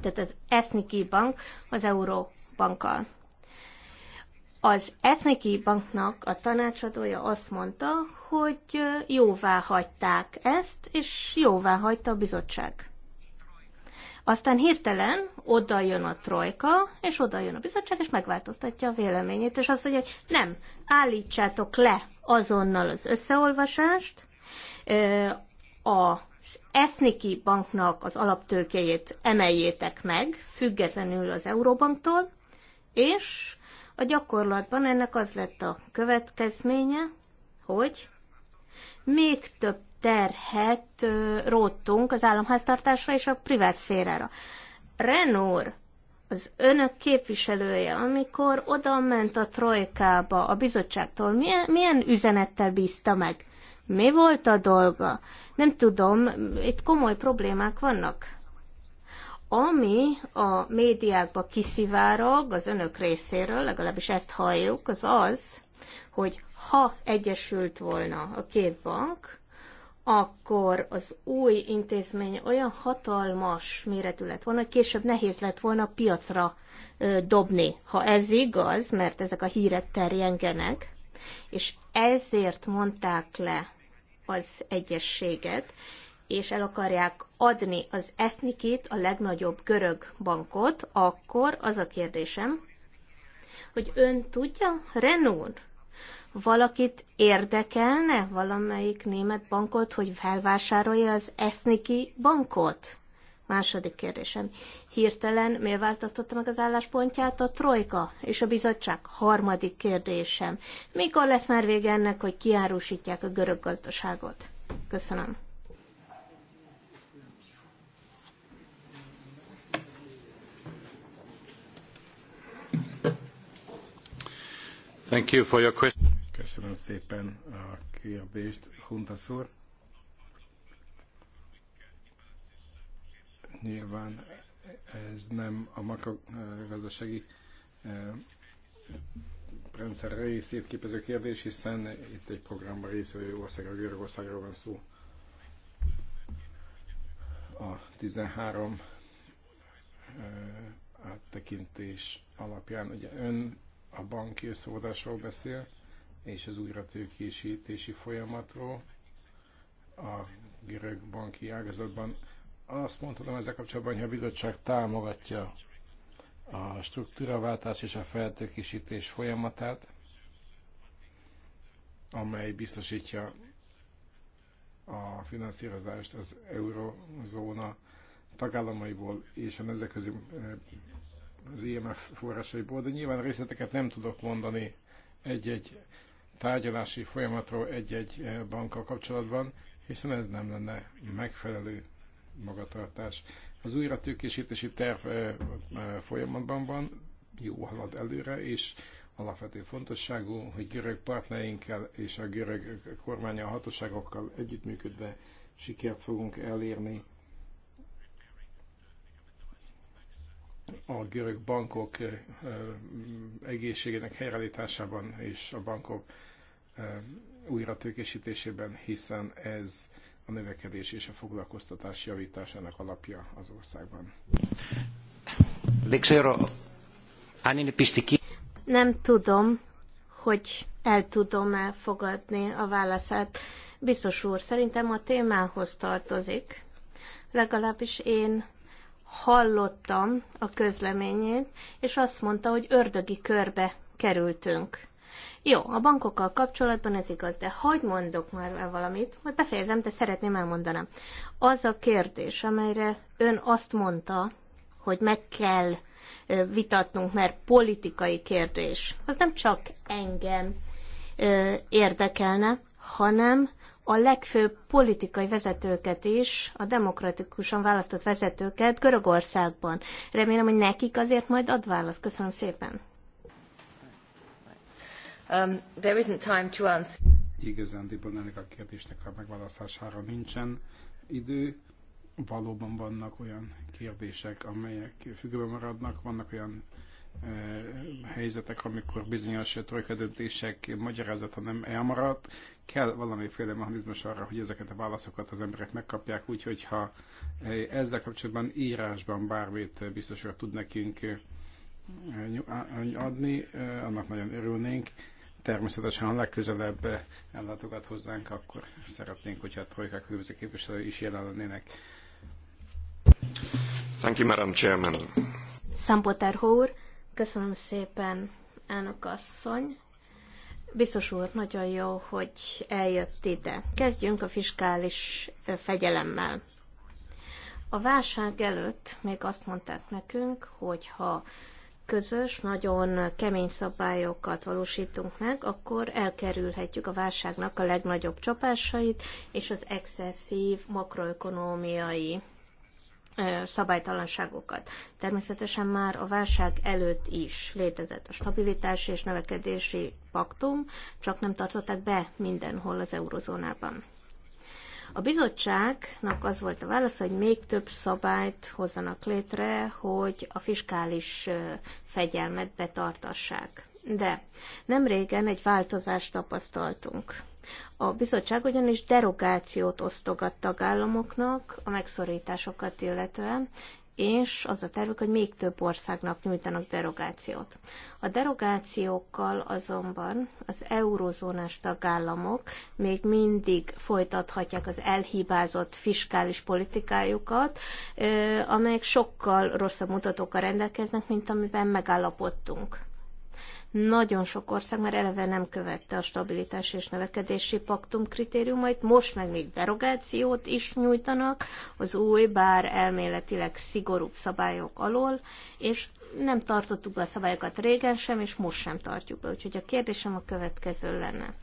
tehát az Ethniki Bank az Euróbankkal. Az etniki banknak a tanácsadója azt mondta, hogy jóvá hagyták ezt, és jóvá hagyta a bizottság. Aztán hirtelen oda jön a trojka, és oda jön a bizottság, és megváltoztatja a véleményét, és azt mondja, hogy nem, állítsátok le azonnal az összeolvasást, az etniki banknak az alaptőkéjét emeljétek meg, függetlenül az Euróbanktól, és a gyakorlatban ennek az lett a következménye, hogy még több terhet róttunk az államháztartásra és a privát szférára. Renor az önök képviselője, amikor oda ment a trojkába a bizottságtól, milyen, milyen üzenettel bízta meg? Mi volt a dolga? Nem tudom, itt komoly problémák vannak. Ami a médiákba kiszivárog az önök részéről, legalábbis ezt halljuk, az az, hogy ha egyesült volna a két bank, akkor az új intézmény olyan hatalmas méretű lett volna, hogy később nehéz lett volna piacra ö, dobni. Ha ez igaz, mert ezek a hírek terjengenek, és ezért mondták le az egyességet, és el akarják adni az Ethnikit, a legnagyobb görög bankot, akkor az a kérdésem, hogy ön tudja, renón valakit érdekelne valamelyik német bankot, hogy felvásárolja az Ethniki bankot? Második kérdésem. Hirtelen miért változtatta meg az álláspontját a Trojka és a bizottság? Harmadik kérdésem. Mikor lesz már vége ennek, hogy kiárusítják a görög gazdaságot? Köszönöm. Köszönöm szépen a kérdést, juntas úr. Nyilván ez nem a makrogazdasági eh, rendszer részét képező kérdés, hiszen itt egy programban részvevő országról, Görögországról van szó. A 13 eh, áttekintés alapján ugye ön a banki összefogadásról beszél, és az újratőkésítési folyamatról a görög banki ágazatban. Azt mondhatom ezzel kapcsolatban, hogy a bizottság támogatja a struktúraváltás és a feltőkésítés folyamatát, amely biztosítja a finanszírozást az eurozóna tagállamaiból és a nemzetközi az IMF forrásaiból, de nyilván részleteket nem tudok mondani egy-egy tárgyalási folyamatról egy-egy eh, bankkal kapcsolatban, hiszen ez nem lenne megfelelő magatartás. Az újratőkésítési terv eh, eh, folyamatban van, jó halad előre, és alapvető fontosságú, hogy görög partnereinkkel és a görög kormánya hatóságokkal együttműködve sikert fogunk elérni a görög bankok eh, eh, egészségének helyreállításában és a bankok eh, tőkésítésében, hiszen ez a növekedés és a foglalkoztatás javításának alapja az országban. Nem tudom, hogy el tudom elfogadni a válaszát. Biztos úr, szerintem a témához tartozik. Legalábbis én hallottam a közleményét, és azt mondta, hogy ördögi körbe kerültünk. Jó, a bankokkal kapcsolatban ez igaz, de hagyd mondok már valamit, majd befejezem, de szeretném elmondani. Az a kérdés, amelyre ön azt mondta, hogy meg kell vitatnunk, mert politikai kérdés, az nem csak engem érdekelne, hanem a legfőbb politikai vezetőket is, a demokratikusan választott vezetőket Görögországban. Remélem, hogy nekik azért majd ad választ. Köszönöm szépen. Um, there isn't time to answer. Dibon, ennek a kérdésnek a megválaszására nincsen idő. Valóban vannak olyan kérdések, amelyek függőben maradnak, vannak olyan eh, helyzetek, amikor bizonyos trojka döntések magyarázata nem elmaradt kell valamiféle mechanizmus arra, hogy ezeket a válaszokat az emberek megkapják, úgyhogy ha eh, ezzel kapcsolatban írásban bármit biztosra tud nekünk eh, adni, eh, annak nagyon örülnénk. Természetesen, ha legközelebb ellátogat hozzánk, akkor szeretnénk, hogyha a Trojka különböző képviselői is jelen lennének. Thank you, Madam Chairman. Szampoter Hór, köszönöm szépen, elnök asszony. Biztos úr, nagyon jó, hogy eljött ide. Kezdjünk a fiskális fegyelemmel. A válság előtt még azt mondták nekünk, hogy ha közös, nagyon kemény szabályokat valósítunk meg, akkor elkerülhetjük a válságnak a legnagyobb csapásait és az excesszív makroökonómiai szabálytalanságokat. Természetesen már a válság előtt is létezett a stabilitási és növekedési paktum, csak nem tartották be mindenhol az eurozónában. A bizottságnak az volt a válasz, hogy még több szabályt hozzanak létre, hogy a fiskális fegyelmet betartassák. De nem régen egy változást tapasztaltunk. A bizottság ugyanis derogációt osztogat tagállamoknak a megszorításokat illetően, és az a tervük, hogy még több országnak nyújtanak derogációt. A derogációkkal azonban az eurozónás tagállamok még mindig folytathatják az elhibázott fiskális politikájukat, amelyek sokkal rosszabb mutatókkal rendelkeznek, mint amiben megállapodtunk. Nagyon sok ország már eleve nem követte a stabilitás és növekedési paktum kritériumait, most meg még derogációt is nyújtanak az új, bár elméletileg szigorúbb szabályok alól, és nem tartottuk be a szabályokat régen sem, és most sem tartjuk be. Úgyhogy a kérdésem a következő lenne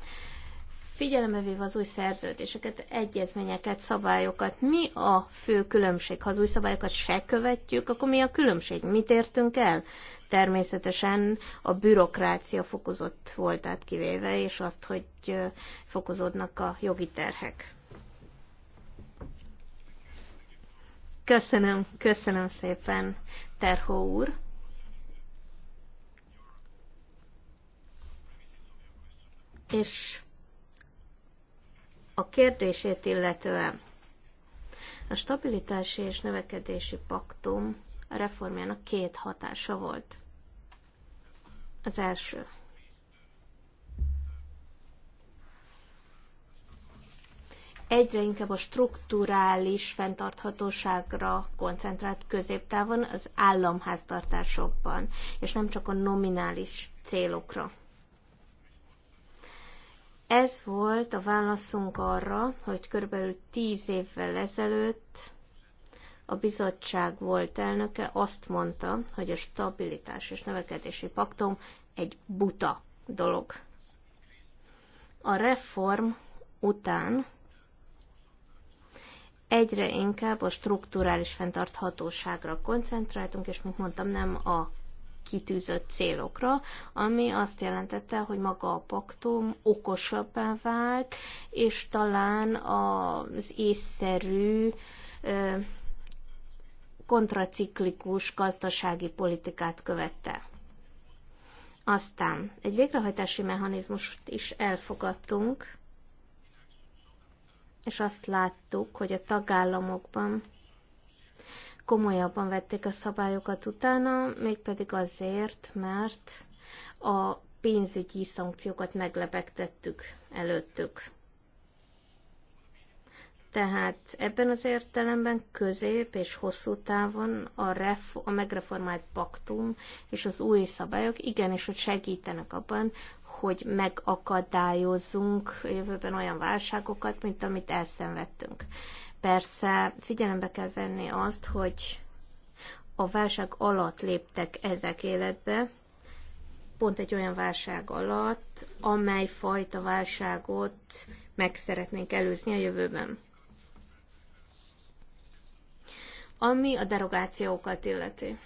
figyelembe véve az új szerződéseket, egyezményeket, szabályokat, mi a fő különbség? Ha az új szabályokat se követjük, akkor mi a különbség? Mit értünk el? természetesen a bürokrácia fokozott voltát kivéve, és azt, hogy fokozódnak a jogi terhek. Köszönöm, köszönöm szépen, Terho úr. És a kérdését illetően a stabilitási és növekedési paktum a reformjának két hatása volt. Az első. Egyre inkább a strukturális fenntarthatóságra koncentrált középtávon az államháztartásokban, és nem csak a nominális célokra. Ez volt a válaszunk arra, hogy körülbelül tíz évvel ezelőtt a bizottság volt elnöke azt mondta, hogy a stabilitás és növekedési paktum egy buta dolog. A reform után egyre inkább a strukturális fenntarthatóságra koncentráltunk, és mint mondtam, nem a kitűzött célokra, ami azt jelentette, hogy maga a paktum okosabbá vált, és talán az észszerű kontraciklikus gazdasági politikát követte. Aztán egy végrehajtási mechanizmust is elfogadtunk, és azt láttuk, hogy a tagállamokban komolyabban vették a szabályokat utána, mégpedig azért, mert a pénzügyi szankciókat meglebegtettük előttük. Tehát ebben az értelemben közép és hosszú távon a, ref, a megreformált paktum és az új szabályok igenis, hogy segítenek abban, hogy megakadályozzunk jövőben olyan válságokat, mint amit elszenvedtünk. Persze figyelembe kell venni azt, hogy a válság alatt léptek ezek életbe, pont egy olyan válság alatt, amely fajta válságot meg szeretnénk előzni a jövőben. ami a derogációkat illeti.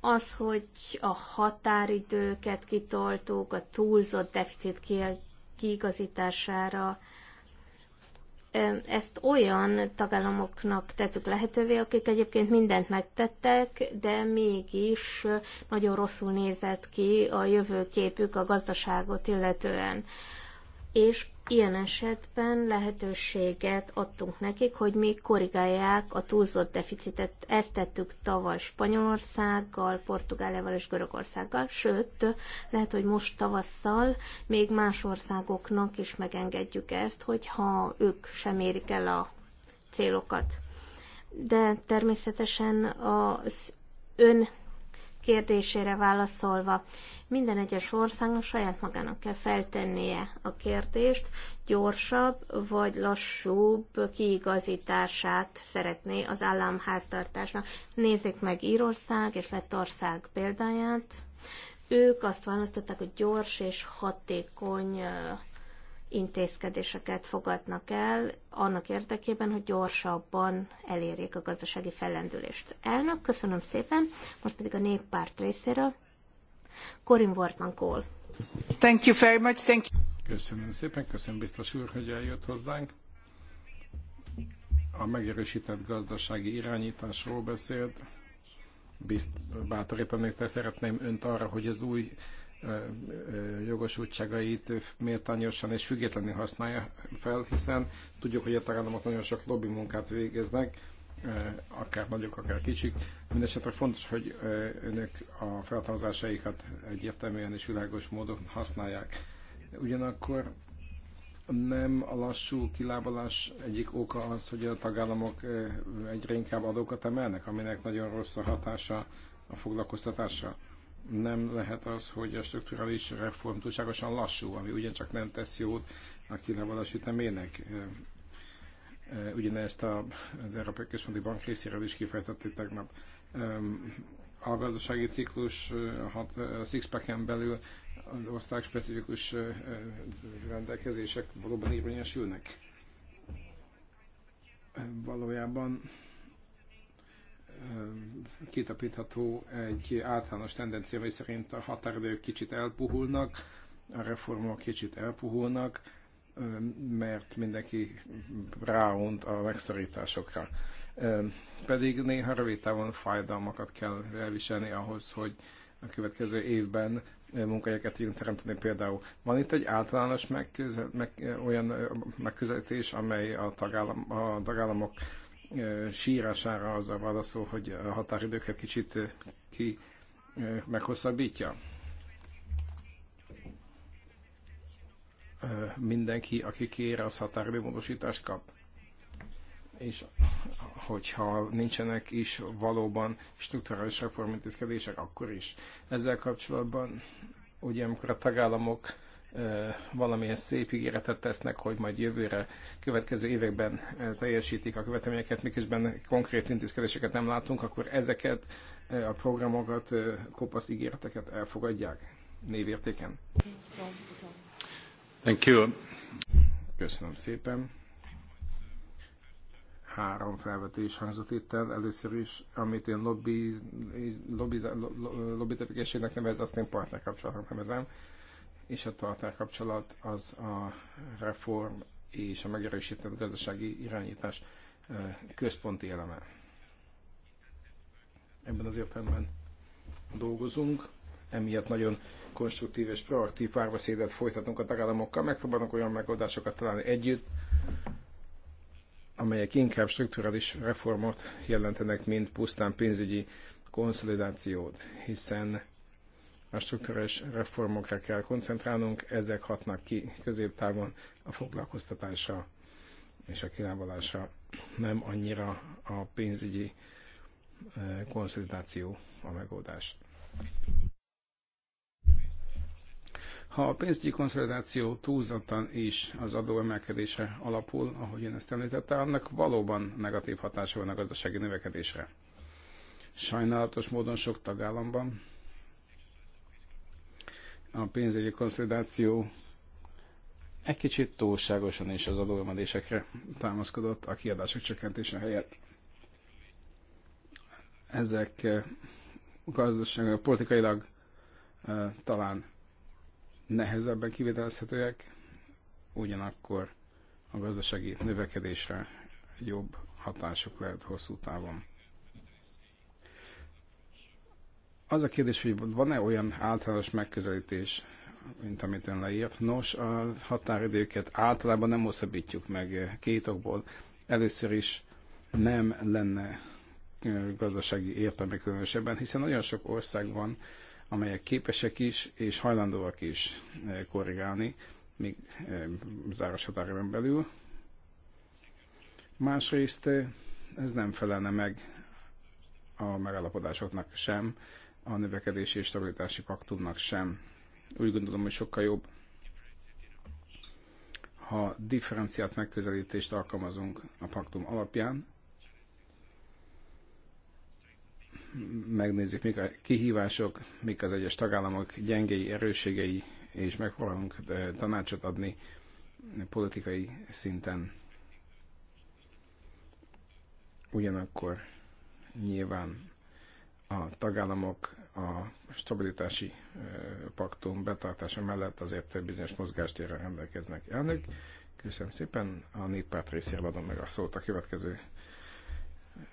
Az, hogy a határidőket kitoltuk, a túlzott deficit kiigazítására, ezt olyan tagállamoknak tettük lehetővé, akik egyébként mindent megtettek, de mégis nagyon rosszul nézett ki a jövőképük a gazdaságot illetően és ilyen esetben lehetőséget adtunk nekik, hogy még korrigálják a túlzott deficitet. Ezt tettük tavaly Spanyolországgal, Portugáliával és Görögországgal, sőt, lehet, hogy most tavasszal még más országoknak is megengedjük ezt, hogyha ők sem érik el a célokat. De természetesen az ön kérdésére válaszolva, minden egyes országnak saját magának kell feltennie a kérdést, gyorsabb vagy lassúbb kiigazítását szeretné az államháztartásnak. Nézzék meg Írország és Lettország példáját. Ők azt választották, hogy gyors és hatékony intézkedéseket fogadnak el annak érdekében, hogy gyorsabban elérjék a gazdasági fellendülést. Elnök, köszönöm szépen, most pedig a néppárt részéről. Corin Wortman Kohl. Thank you very much, thank you. Köszönöm szépen, köszönöm biztos úr, hogy eljött hozzánk. A megerősített gazdasági irányításról beszélt. Bizt, bátorítani szeretném önt arra, hogy az új jogosultságait méltányosan és függetlenül használja fel, hiszen tudjuk, hogy a tagállamok nagyon sok lobby munkát végeznek, akár nagyok, akár kicsik. Mindenesetre fontos, hogy önök a feltalmazásaikat egyértelműen és világos módon használják. Ugyanakkor nem a lassú kilábalás egyik oka az, hogy a tagállamok egyre inkább adókat emelnek, aminek nagyon rossz a hatása a foglalkoztatásra nem lehet az, hogy a strukturális reform túlságosan lassú, ami ugyancsak nem tesz jót a kilávalási temének. Ugyanezt az Európai Központi Bank részéről is kifejtették tegnap. A gazdasági ciklus a six en belül az ország specifikus rendelkezések valóban érvényesülnek. Valójában kitapítható egy általános tendencia, hogy szerint a határidők kicsit elpuhulnak, a reformok kicsit elpuhulnak, mert mindenki ráunt a megszorításokra. Pedig néha rövid távon fájdalmakat kell elviselni ahhoz, hogy a következő évben munkahelyeket tudjunk teremteni például. Van itt egy általános megközel, meg, olyan megközelítés, amely a, tagállam, a tagállamok sírására az a válaszol, hogy a határidőket kicsit ki meghosszabbítja. Mindenki, aki kér, az határidőmódosítást kap. És hogyha nincsenek is valóban strukturális reformintézkedések, akkor is. Ezzel kapcsolatban ugye amikor a tagállamok valamilyen szép ígéretet tesznek, hogy majd jövőre, következő években teljesítik a követelményeket, miközben konkrét intézkedéseket nem látunk, akkor ezeket a programokat, kopasz ígéreteket elfogadják névértéken. Thank you. Köszönöm szépen. Három felvetés hangzott itt el. Először is, amit én lobby, lobby, lobby, lobby tevékenységnek nevez, azt én partner kapcsolatnak nevezem és a tartárkapcsolat az a reform és a megerősített gazdasági irányítás központi eleme. Ebben az értelemben dolgozunk, emiatt nagyon konstruktív és proaktív párbeszédet folytatunk a tagállamokkal, megpróbálunk olyan megoldásokat találni együtt, amelyek inkább strukturális reformot jelentenek, mint pusztán pénzügyi konszolidációt, hiszen a struktúrális reformokra kell koncentrálnunk, ezek hatnak ki középtávon a foglalkoztatása és a kilábalása nem annyira a pénzügyi eh, konszolidáció a megoldás. Ha a pénzügyi konszolidáció túlzottan is az adóemelkedése alapul, ahogy én ezt említette, annak valóban negatív hatása van a gazdasági növekedésre. Sajnálatos módon sok tagállamban a pénzügyi konszolidáció egy kicsit túlságosan is az adóemelésekre támaszkodott a kiadások csökkentése helyett. Ezek eh, gazdaság, politikailag eh, talán nehezebben kivitelezhetőek, ugyanakkor a gazdasági növekedésre jobb hatásuk lehet hosszú távon. Az a kérdés, hogy van-e olyan általános megközelítés, mint amit ön leírt. Nos, a határidőket általában nem hosszabbítjuk meg két okból. Először is nem lenne gazdasági értelme különösebben, hiszen nagyon sok ország van, amelyek képesek is és hajlandóak is korrigálni, még záros határidőn belül. Másrészt ez nem felelne meg a megállapodásoknak sem, a növekedési és stabilitási paktumnak sem. Úgy gondolom, hogy sokkal jobb, ha differenciált megközelítést alkalmazunk a paktum alapján, megnézzük, mik a kihívások, mik az egyes tagállamok gyengei, erősségei, és megpróbálunk tanácsot adni politikai szinten. Ugyanakkor nyilván a tagállamok a stabilitási paktum betartása mellett azért bizonyos mozgástérre rendelkeznek. Elnök, köszönöm szépen. A néppárt részéről adom meg a szót a következő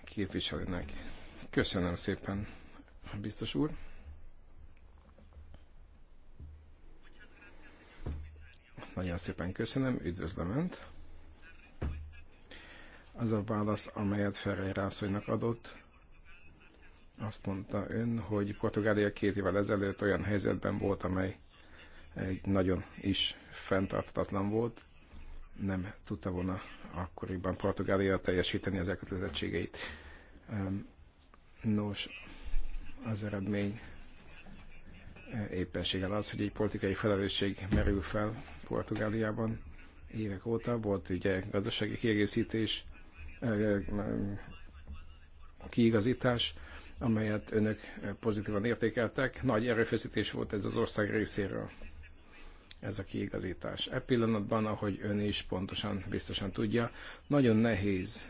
képviselőnek. Köszönöm szépen, biztos úr. Nagyon szépen köszönöm, üdvözlöm Önt. Az a válasz, amelyet Ferrej asszonynak adott, azt mondta ön, hogy Portugália két évvel ezelőtt olyan helyzetben volt, amely egy nagyon is fenntartatlan volt, nem tudta volna akkoriban Portugália teljesíteni az elkötelezettségeit. Nos, az eredmény e, éppenséggel az, hogy egy politikai felelősség merül fel Portugáliában évek óta. Volt ugye gazdasági kiegészítés, e, e, kiigazítás, amelyet önök pozitívan értékeltek. Nagy erőfeszítés volt ez az ország részéről, ez a kiigazítás. E pillanatban, ahogy ön is pontosan, biztosan tudja, nagyon nehéz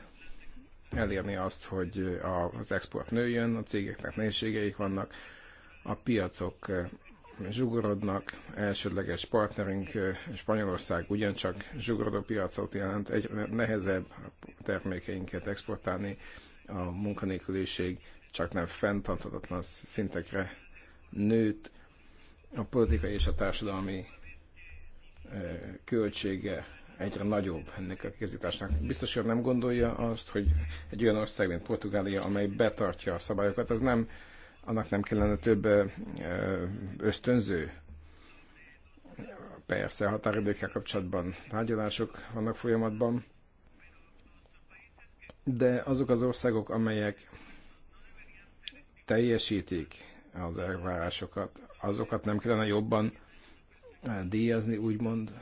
elérni azt, hogy az export nőjön, a cégeknek nehézségeik vannak, a piacok eh, zsugorodnak, elsődleges partnerünk eh, Spanyolország ugyancsak zsugorodó piacot jelent, egyre nehezebb termékeinket exportálni, a munkanélküliség csak nem fenntarthatatlan szintekre nőtt. A politikai és a társadalmi költsége egyre nagyobb ennek a kézításnak. Biztos, hogy nem gondolja azt, hogy egy olyan ország, mint Portugália, amely betartja a szabályokat, az nem, annak nem kellene több ösztönző? Persze, határidőkkel kapcsolatban tárgyalások vannak folyamatban, de azok az országok, amelyek teljesítik az elvárásokat, azokat nem kellene jobban eh, díjazni, úgymond,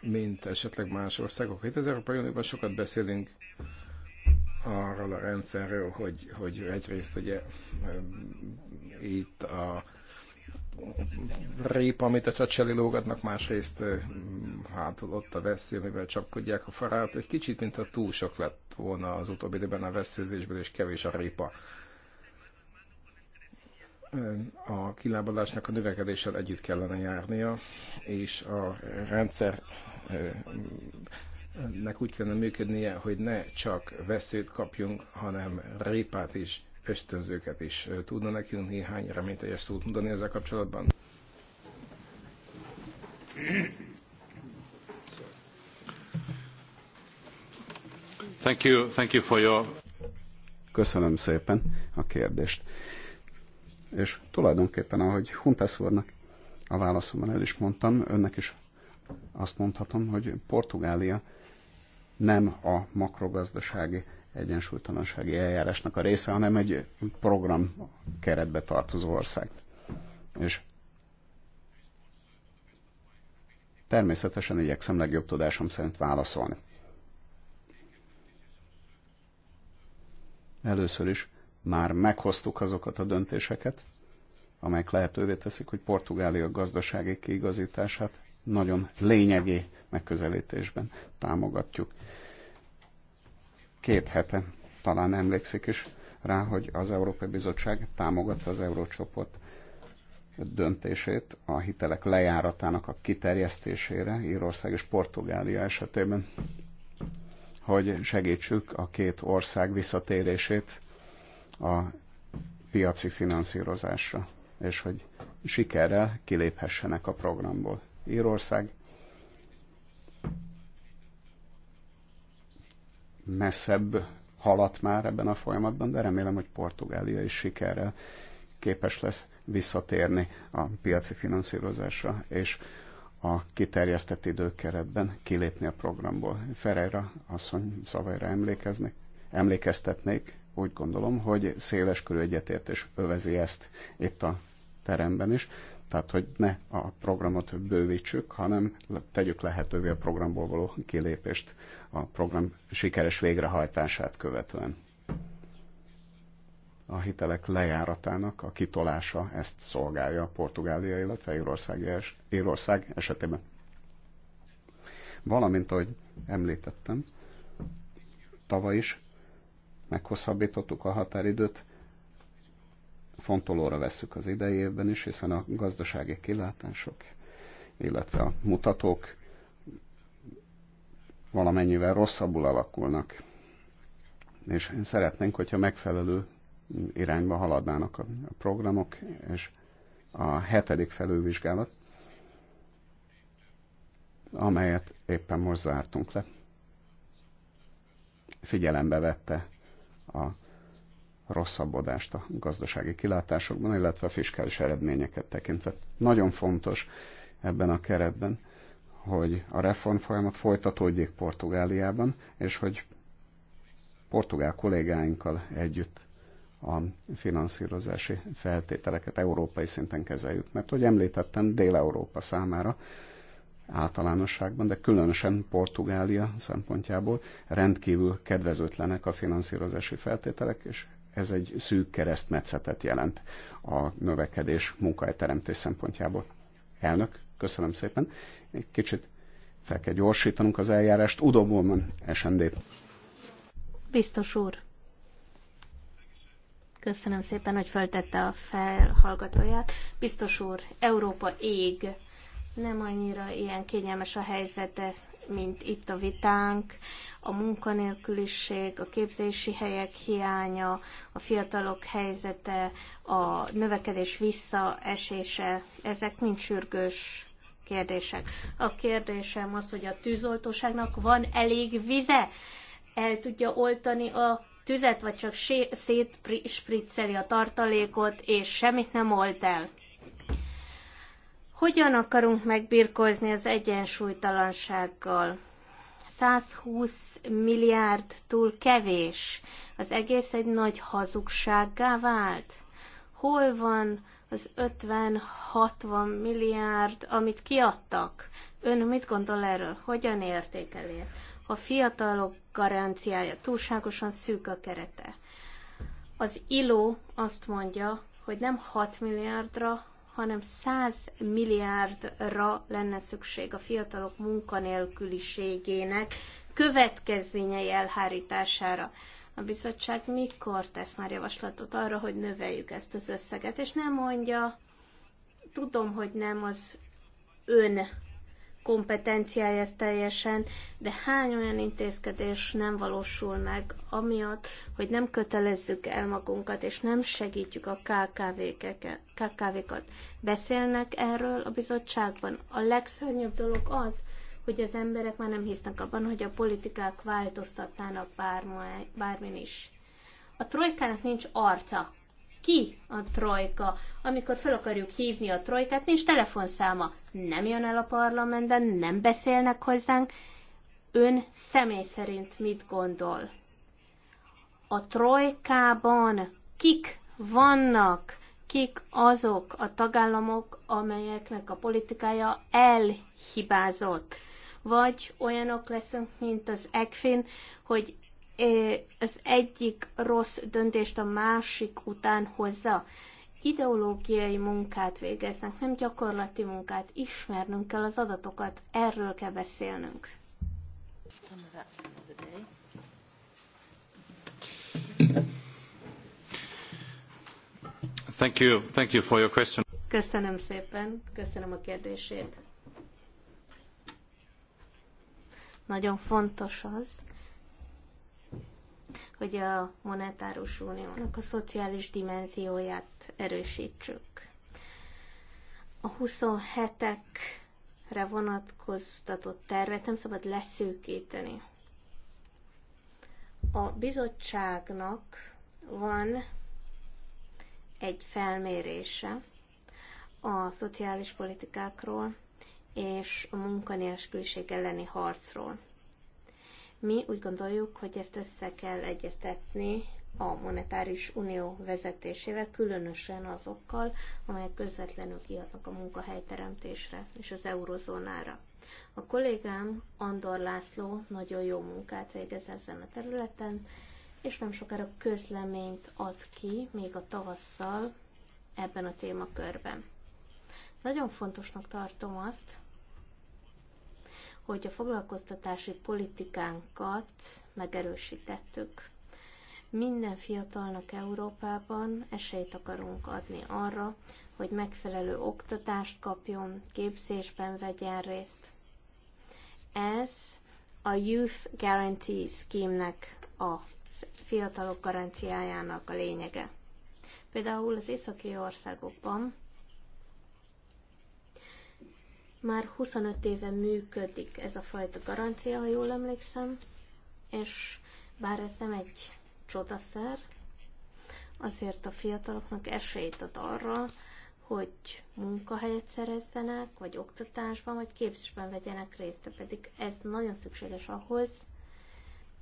mint esetleg más országok. Itt az Európai Unióban sokat beszélünk arról a rendszerről, hogy, hogy egyrészt ugye eh, itt a rép, amit a csacseli lógatnak, másrészt eh, hátul ott a vesző, amivel csapkodják a farát. Egy kicsit, mintha túl sok lett volna az utóbbi időben a veszőzésből, és kevés a répa a kilábalásnak a növekedéssel együtt kellene járnia, és a rendszer nek úgy kellene működnie, hogy ne csak veszőt kapjunk, hanem répát is, ösztönzőket is. Tudna nekünk néhány reményteljes szót mondani ezzel kapcsolatban? Thank you, thank you for your... Köszönöm szépen a kérdést. És tulajdonképpen, ahogy Huntes úrnak a válaszomban el is mondtam, önnek is azt mondhatom, hogy Portugália nem a makrogazdasági egyensúlytalansági eljárásnak a része, hanem egy program keretbe tartozó ország. És természetesen igyekszem legjobb tudásom szerint válaszolni. Először is már meghoztuk azokat a döntéseket, amelyek lehetővé teszik, hogy Portugália gazdasági kiigazítását nagyon lényegi megközelítésben támogatjuk. Két hete talán emlékszik is rá, hogy az Európai Bizottság támogatta az Eurócsoport döntését a hitelek lejáratának a kiterjesztésére Írország és Portugália esetében, hogy segítsük a két ország visszatérését a piaci finanszírozásra, és hogy sikerrel kiléphessenek a programból. Írország messzebb haladt már ebben a folyamatban, de remélem, hogy Portugália is sikerrel képes lesz visszatérni a piaci finanszírozásra, és a kiterjesztett időkeretben kilépni a programból. Ferreira asszony szavaira emlékeznek, emlékeztetnék, úgy gondolom, hogy széles körű egyetértés övezi ezt itt a teremben is. Tehát, hogy ne a programot bővítsük, hanem tegyük lehetővé a programból való kilépést a program sikeres végrehajtását követően. A hitelek lejáratának a kitolása ezt szolgálja a Portugália, illetve Írország, Írország esetében. Valamint, ahogy említettem, tavaly is meghosszabbítottuk a határidőt, fontolóra vesszük az idejében is, hiszen a gazdasági kilátások, illetve a mutatók valamennyivel rosszabbul alakulnak. És szeretnénk, hogyha megfelelő irányba haladnának a programok, és a hetedik felülvizsgálat, amelyet éppen most zártunk le, figyelembe vette a rosszabbodást a gazdasági kilátásokban, illetve a fiskális eredményeket tekintve. Nagyon fontos ebben a keretben, hogy a reform folyamat folytatódjék Portugáliában, és hogy portugál kollégáinkkal együtt a finanszírozási feltételeket európai szinten kezeljük. Mert, hogy említettem, Dél-Európa számára általánosságban, de különösen Portugália szempontjából rendkívül kedvezőtlenek a finanszírozási feltételek, és ez egy szűk keresztmetszetet jelent a növekedés munkahelyteremtés szempontjából. Elnök, köszönöm szépen. Egy kicsit fel kell gyorsítanunk az eljárást. Udo Bullman, SND. Biztos úr. Köszönöm szépen, hogy föltette a felhallgatóját. Biztos úr, Európa ég nem annyira ilyen kényelmes a helyzet, mint itt a vitánk, a munkanélküliség, a képzési helyek hiánya, a fiatalok helyzete, a növekedés visszaesése, ezek mind sürgős kérdések. A kérdésem az, hogy a tűzoltóságnak van elég vize? El tudja oltani a tüzet, vagy csak szétspricceli a tartalékot, és semmit nem olt el? Hogyan akarunk megbirkózni az egyensúlytalansággal? 120 milliárd túl kevés. Az egész egy nagy hazugsággá vált. Hol van az 50-60 milliárd, amit kiadtak? Ön mit gondol erről? Hogyan értékeli? A fiatalok garanciája túlságosan szűk a kerete. Az ILO azt mondja, hogy nem 6 milliárdra, hanem 100 milliárdra lenne szükség a fiatalok munkanélküliségének következményei elhárítására. A bizottság mikor tesz már javaslatot arra, hogy növeljük ezt az összeget, és nem mondja, tudom, hogy nem az ön kompetenciája ez teljesen, de hány olyan intézkedés nem valósul meg, amiatt, hogy nem kötelezzük el magunkat, és nem segítjük a KKV-ket. KKV Beszélnek erről a bizottságban. A legszörnyűbb dolog az, hogy az emberek már nem hisznek abban, hogy a politikák változtatnának bármi, bármin is. A trojkának nincs arca ki a trojka. Amikor fel akarjuk hívni a trojkát, nincs telefonszáma. Nem jön el a parlamentben, nem beszélnek hozzánk. Ön személy szerint mit gondol? A trojkában kik vannak, kik azok a tagállamok, amelyeknek a politikája elhibázott? Vagy olyanok leszünk, mint az ECFIN, hogy az egyik rossz döntést a másik után hozza. Ideológiai munkát végeznek, nem gyakorlati munkát. Ismernünk kell az adatokat, erről kell beszélnünk. Thank you, thank you for your question. Köszönöm szépen, köszönöm a kérdését. Nagyon fontos az, hogy a monetáros uniónak a szociális dimenzióját erősítsük. A 27-ekre vonatkoztatott tervet nem szabad leszűkíteni. A bizottságnak van egy felmérése a szociális politikákról és a munkanélküliség elleni harcról mi úgy gondoljuk, hogy ezt össze kell egyeztetni a monetáris unió vezetésével, különösen azokkal, amelyek közvetlenül kiadnak a munkahelyteremtésre és az eurozónára. A kollégám Andor László nagyon jó munkát végez ezen a területen, és nem sokára közleményt ad ki, még a tavasszal ebben a témakörben. Nagyon fontosnak tartom azt, hogy a foglalkoztatási politikánkat megerősítettük. Minden fiatalnak Európában esélyt akarunk adni arra, hogy megfelelő oktatást kapjon, képzésben vegyen részt. Ez a Youth Guarantee Scheme-nek a fiatalok garanciájának a lényege. Például az északi országokban már 25 éve működik ez a fajta garancia, ha jól emlékszem, és bár ez nem egy csodaszer, azért a fiataloknak esélyt ad arra, hogy munkahelyet szerezzenek, vagy oktatásban, vagy képzésben vegyenek részt, de pedig ez nagyon szükséges ahhoz,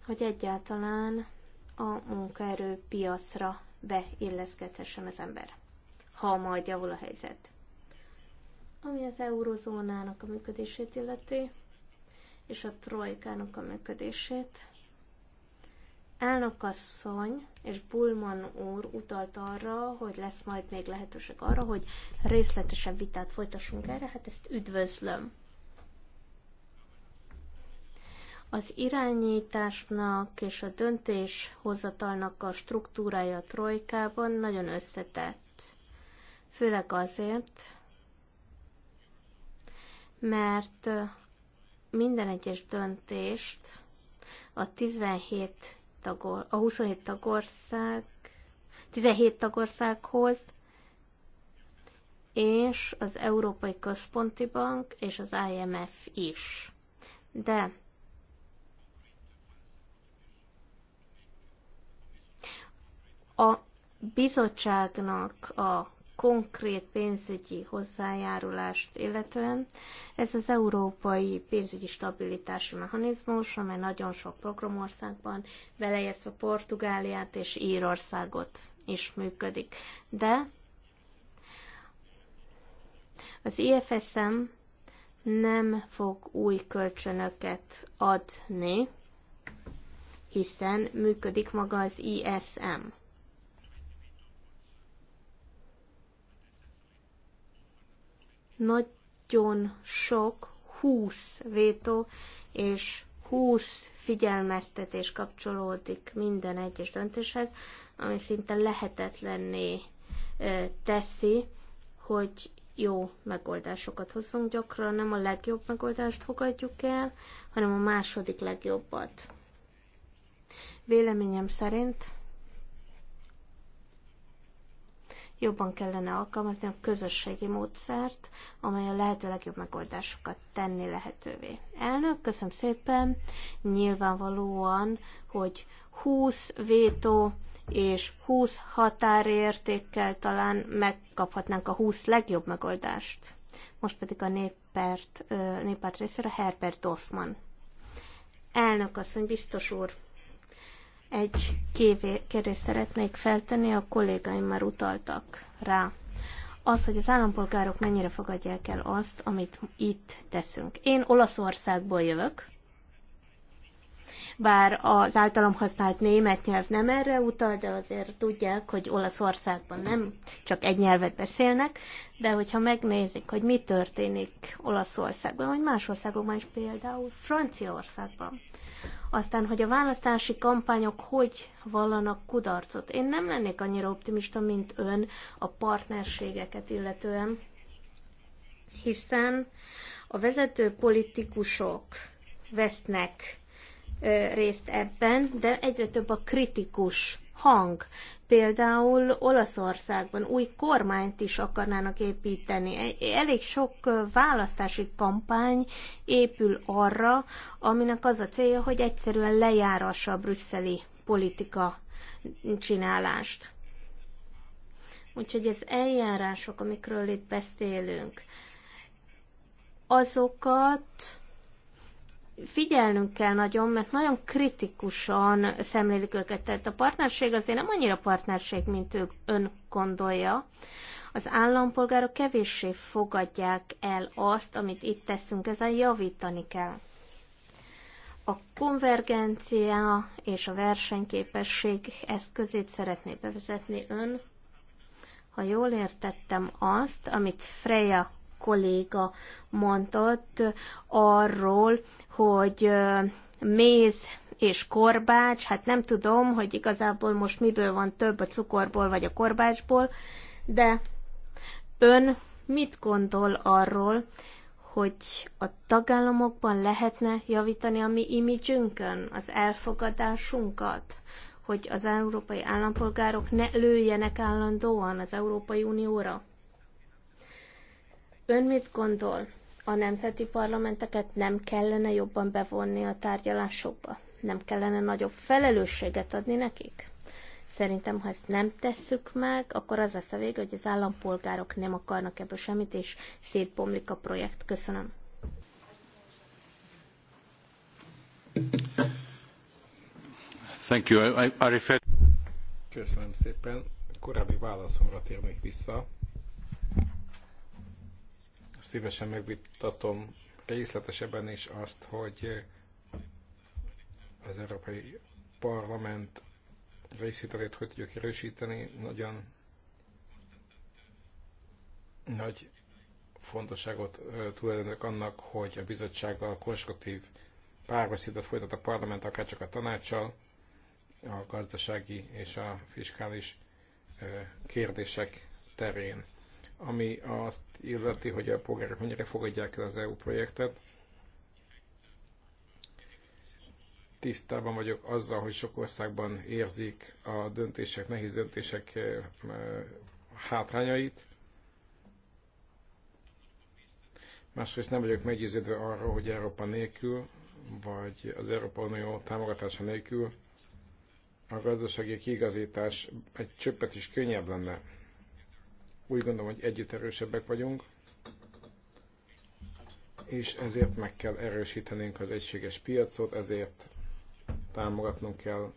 hogy egyáltalán a munkaerő piacra beilleszkedhessen az ember, ha majd javul a helyzet ami az eurozónának a működését illeti, és a trojkának a működését. Elnökasszony és Bulman úr utalt arra, hogy lesz majd még lehetőség arra, hogy részletesebb vitát folytassunk erre, hát ezt üdvözlöm. Az irányításnak és a döntéshozatalnak a struktúrája a trojkában nagyon összetett. Főleg azért, mert minden egyes döntést a 17 tagor, a 27 tagország, 17 tagországhoz és az Európai Központi Bank és az IMF is. De a bizottságnak a konkrét pénzügyi hozzájárulást illetően. Ez az európai pénzügyi stabilitási mechanizmus, amely nagyon sok programországban, beleértve Portugáliát és Írországot is működik. De az IFSM nem fog új kölcsönöket adni, hiszen működik maga az ISM nagyon sok 20 vétó és 20 figyelmeztetés kapcsolódik minden egyes döntéshez, ami szinte lehetetlenné teszi, hogy jó megoldásokat hozzunk. Gyakran nem a legjobb megoldást fogadjuk el, hanem a második legjobbat. Véleményem szerint jobban kellene alkalmazni a közösségi módszert, amely a lehető legjobb megoldásokat tenni lehetővé. Elnök, köszönöm szépen. Nyilvánvalóan, hogy 20 vétó és 20 határértékkel talán megkaphatnánk a 20 legjobb megoldást. Most pedig a néppárt, néppárt részéről Herbert Dorfman. Elnök asszony, biztos úr, egy kérdést szeretnék feltenni, a kollégáim már utaltak rá. Az, hogy az állampolgárok mennyire fogadják el azt, amit itt teszünk. Én Olaszországból jövök, bár az általam használt német nyelv nem erre utal, de azért tudják, hogy Olaszországban nem csak egy nyelvet beszélnek, de hogyha megnézik, hogy mi történik Olaszországban, vagy más országokban is, például Franciaországban, aztán, hogy a választási kampányok hogy vallanak kudarcot. Én nem lennék annyira optimista, mint ön a partnerségeket illetően, hiszen a vezető politikusok vesznek részt ebben, de egyre több a kritikus hang. Például Olaszországban új kormányt is akarnának építeni. E- elég sok választási kampány épül arra, aminek az a célja, hogy egyszerűen lejárassa a brüsszeli politika csinálást. Úgyhogy az eljárások, amikről itt beszélünk, azokat figyelnünk kell nagyon, mert nagyon kritikusan szemlélik őket. Tehát a partnerség azért nem annyira partnerség, mint ők ön gondolja. Az állampolgárok kevéssé fogadják el azt, amit itt teszünk, ezen javítani kell. A konvergencia és a versenyképesség eszközét szeretné bevezetni ön. Ha jól értettem azt, amit Freya kolléga mondott arról, hogy méz és korbács, hát nem tudom, hogy igazából most miből van több a cukorból vagy a korbácsból, de ön mit gondol arról, hogy a tagállamokban lehetne javítani a mi imidzsünkön, az elfogadásunkat, hogy az európai állampolgárok ne lőjenek állandóan az Európai Unióra? Ön mit gondol? A nemzeti parlamenteket nem kellene jobban bevonni a tárgyalásokba? Nem kellene nagyobb felelősséget adni nekik? Szerintem, ha ezt nem tesszük meg, akkor az lesz a vége, hogy az állampolgárok nem akarnak ebből semmit, és szétbomlik a projekt. Köszönöm. Thank you. I, I refer... Köszönöm szépen. Korábbi válaszomra térnék vissza szívesen megvitatom részletesebben is azt, hogy az Európai Parlament részvételét hogy tudjuk erősíteni. Nagyon nagy fontosságot tulajdonok annak, hogy a bizottsággal konstruktív párbeszédet folytat a parlament, akár csak a tanácssal, a gazdasági és a fiskális kérdések terén ami azt illeti, hogy a polgárok mennyire fogadják el az EU projektet. Tisztában vagyok azzal, hogy sok országban érzik a döntések, nehéz döntések eh, hátrányait. Másrészt nem vagyok meggyőződve arról, hogy Európa nélkül, vagy az Európai Unió támogatása nélkül a gazdasági kiigazítás egy csöppet is könnyebb lenne. Úgy gondolom, hogy együtt erősebbek vagyunk, és ezért meg kell erősítenünk az egységes piacot, ezért támogatnunk kell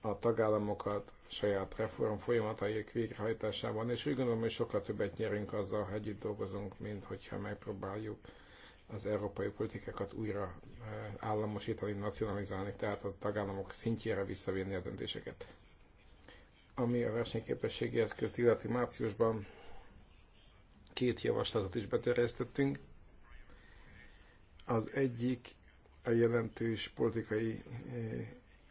a tagállamokat saját reform folyamataik végrehajtásában, és úgy gondolom, hogy sokkal többet nyerünk azzal, ha együtt dolgozunk, mint hogyha megpróbáljuk az európai politikákat újra eh, államosítani, nacionalizálni, tehát a tagállamok szintjére visszavinni a döntéseket. Ami a versenyképességi eszközt illeti márciusban két javaslatot is beterjesztettünk. Az egyik a jelentős politikai,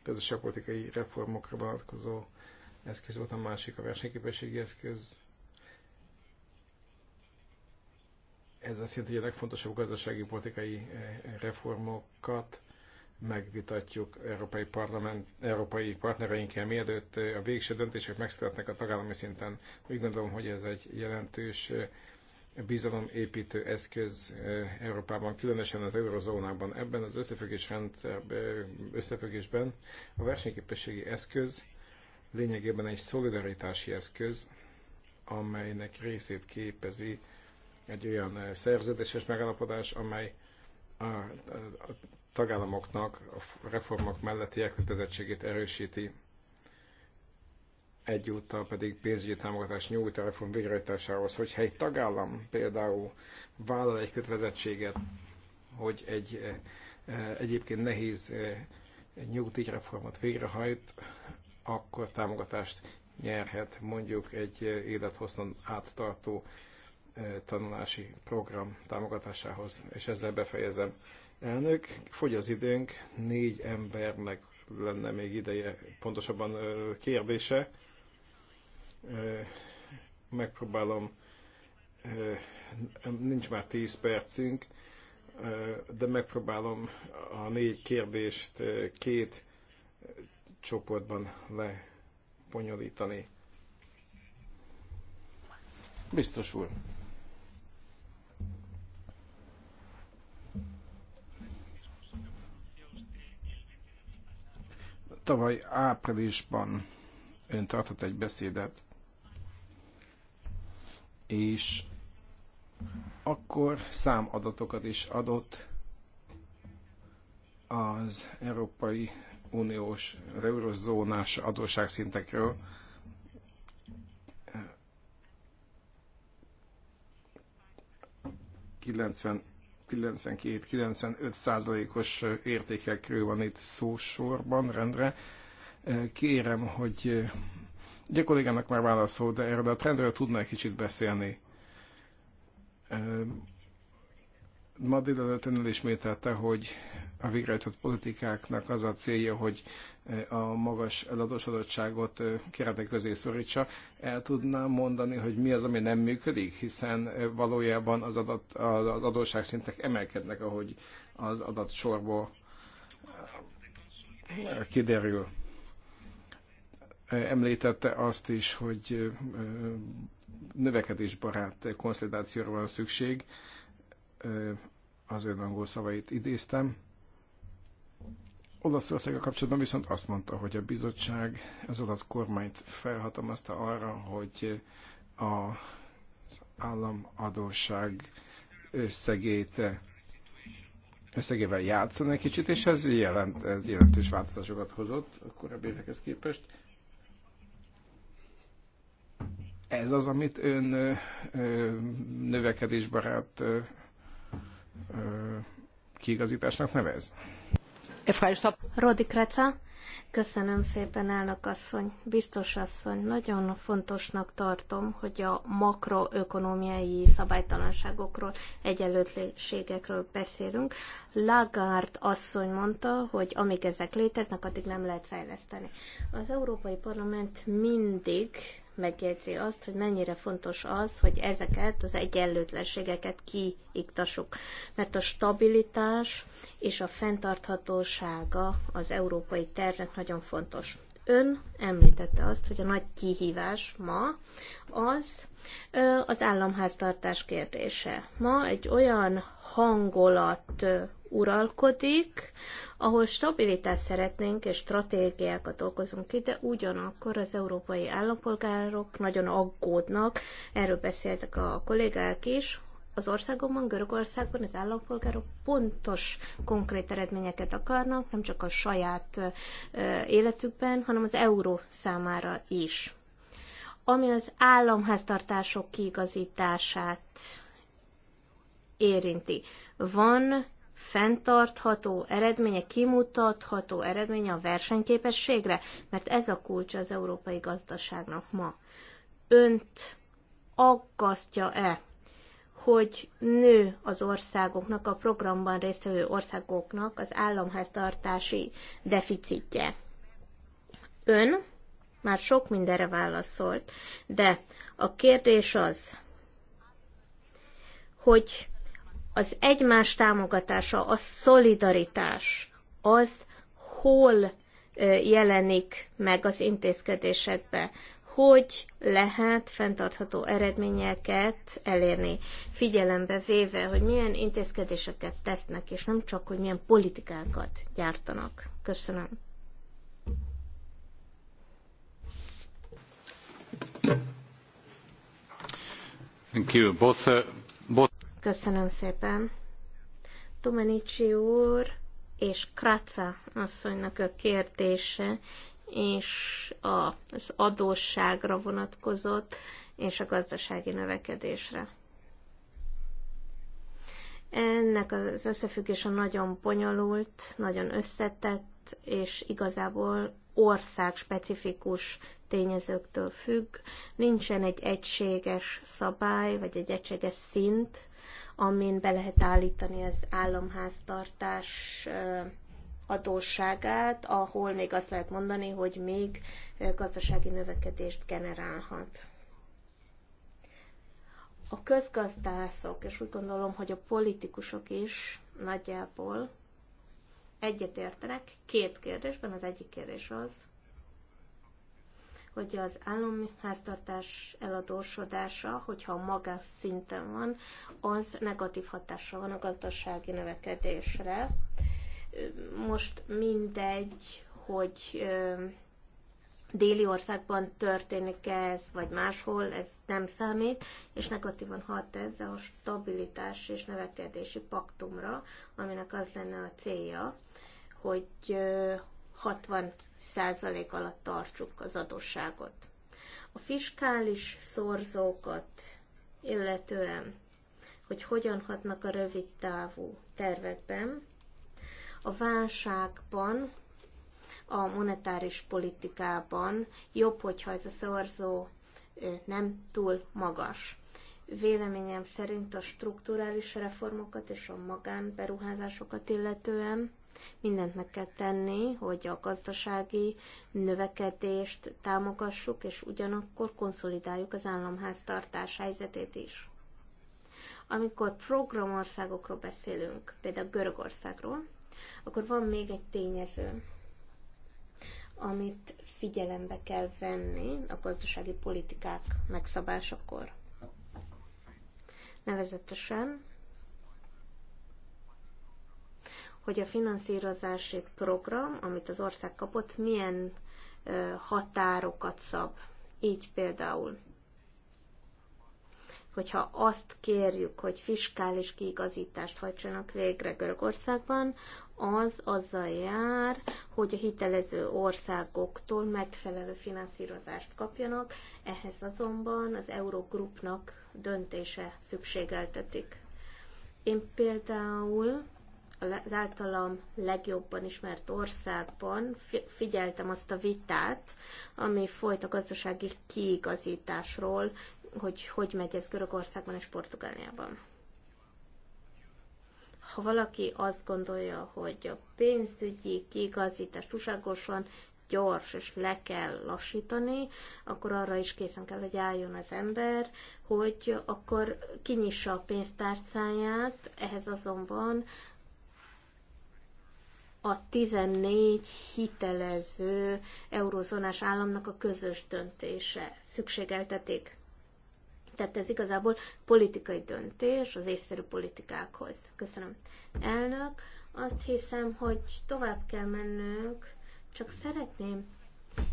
eh, politikai reformokra vonatkozó eszköz volt, a másik a versenyképességi eszköz. Ez azt jelenti, hogy a legfontosabb gazdasági politikai eh, reformokat megvitatjuk európai, parlament, európai partnereinkkel, mielőtt a végső döntések megszületnek a tagállami szinten. Úgy gondolom, hogy ez egy jelentős bizalomépítő eszköz Európában, különösen az eurozónában. Ebben az összefüggés rendszerben, összefüggésben a versenyképességi eszköz lényegében egy szolidaritási eszköz, amelynek részét képezi egy olyan szerződéses megállapodás, amely a, a, a tagállamoknak a reformok melletti elkötelezettségét erősíti, egyúttal pedig pénzügyi támogatást nyújt a reform végrehajtásához. Hogyha egy tagállam például vállal egy kötelezettséget, hogy egy eh, eh, egyébként nehéz eh, reformot végrehajt, akkor támogatást nyerhet mondjuk egy élethosszon áttartó tanulási program támogatásához. És ezzel befejezem. Elnök, fogy az időnk, négy embernek lenne még ideje, pontosabban kérdése. Megpróbálom, nincs már tíz percünk, de megpróbálom a négy kérdést két csoportban lebonyolítani. Biztos úr. Tavaly áprilisban ön tartott egy beszédet, és akkor számadatokat is adott az Európai Uniós, az eurozónás adósságszintekről. 92-95 százalékos értékekről van itt szó sorban, rendre. Kérem, hogy ugye kollégának már válaszol, de erről a trendről tudna egy kicsit beszélni. Ma délelőtt önnel ismételte, hogy a végrehajtott politikáknak az a célja, hogy eh, a magas eladósodottságot eh, keretek közé szorítsa. El tudnám mondani, hogy mi az, ami nem működik, hiszen eh, valójában az, adat, az adósságszintek emelkednek, ahogy az adatsorból kiderül. Említette azt is, hogy növekedésbarát konszolidációra van szükség. Az ön angol szavait idéztem. Olaszországgal kapcsolatban viszont azt mondta, hogy a bizottság az olasz kormányt felhatalmazta arra, hogy a, az államadóság összegét összegével játszani egy kicsit, és ez, jelent, ez jelentős változásokat hozott a korábbi évekhez képest. Ez az, amit ön ö, ö, növekedésbarát ö, ö, kiigazításnak nevez? köszönöm szépen, elnök asszony, biztos asszony. Nagyon fontosnak tartom, hogy a makroökonomiai szabálytalanságokról, egyenlőtlenségekről beszélünk. Lagarde asszony mondta, hogy amíg ezek léteznek, addig nem lehet fejleszteni. Az Európai Parlament mindig megjegyzi azt, hogy mennyire fontos az, hogy ezeket az egyenlőtlenségeket kiiktassuk. Mert a stabilitás és a fenntarthatósága az európai tervnek nagyon fontos. Ön említette azt, hogy a nagy kihívás ma az az államháztartás kérdése. Ma egy olyan hangolat uralkodik, ahol stabilitást szeretnénk és stratégiákat okozunk ki, de ugyanakkor az európai állampolgárok nagyon aggódnak, erről beszéltek a kollégák is, az országomban, Görögországban az állampolgárok pontos, konkrét eredményeket akarnak, nem csak a saját életükben, hanem az euró számára is. Ami az államháztartások kiigazítását érinti. Van fenntartható eredménye, kimutatható eredménye a versenyképességre, mert ez a kulcs az európai gazdaságnak ma. Önt aggasztja-e hogy nő az országoknak, a programban résztvevő országoknak az államháztartási deficitje. Ön már sok mindenre válaszolt, de a kérdés az, hogy az egymás támogatása, a szolidaritás, az hol jelenik meg az intézkedésekbe hogy lehet fenntartható eredményeket elérni, figyelembe véve, hogy milyen intézkedéseket tesznek, és nem csak, hogy milyen politikákat gyártanak. Köszönöm. Thank you. Both, uh, both... Köszönöm szépen. Tumenici úr és Kraca asszonynak a kérdése és az adósságra vonatkozott, és a gazdasági növekedésre. Ennek az összefüggése nagyon bonyolult, nagyon összetett, és igazából ország specifikus tényezőktől függ. Nincsen egy egységes szabály, vagy egy egységes szint, amin be lehet állítani az államháztartás adósságát, ahol még azt lehet mondani, hogy még eh, gazdasági növekedést generálhat. A közgazdászok, és úgy gondolom, hogy a politikusok is nagyjából egyetértenek két kérdésben. Az egyik kérdés az, hogy az állami háztartás eladósodása, hogyha a magas szinten van, az negatív hatással van a gazdasági növekedésre most mindegy, hogy déli országban történik ez, vagy máshol, ez nem számít, és negatívan hat ez a stabilitás és növekedési paktumra, aminek az lenne a célja, hogy 60 százalék alatt tartsuk az adósságot. A fiskális szorzókat illetően, hogy hogyan hatnak a rövid távú tervekben, a válságban, a monetáris politikában jobb, hogyha ez a szorzó nem túl magas. Véleményem szerint a strukturális reformokat és a magánberuházásokat illetően mindent meg kell tenni, hogy a gazdasági növekedést támogassuk, és ugyanakkor konszolidáljuk az államháztartás helyzetét is. Amikor programországokról beszélünk, például Görögországról, akkor van még egy tényező, amit figyelembe kell venni a gazdasági politikák megszabásakor. Nevezetesen, hogy a finanszírozási program, amit az ország kapott, milyen határokat szab. Így például hogyha azt kérjük, hogy fiskális kiigazítást hajtsanak végre Görögországban, az azzal jár, hogy a hitelező országoktól megfelelő finanszírozást kapjanak, ehhez azonban az Eurogrupnak döntése szükségeltetik. Én például az általam legjobban ismert országban figyeltem azt a vitát, ami folyt a gazdasági kiigazításról hogy hogy megy ez Görögországban és Portugáliában. Ha valaki azt gondolja, hogy a pénzügyi kiigazítást túlságosan gyors és le kell lassítani, akkor arra is készen kell, hogy álljon az ember, hogy akkor kinyissa a pénztárcáját, ehhez azonban a 14 hitelező eurozónás államnak a közös döntése szükségeltetik. Tehát ez igazából politikai döntés az észszerű politikákhoz. Köszönöm. Elnök, azt hiszem, hogy tovább kell mennünk, csak szeretném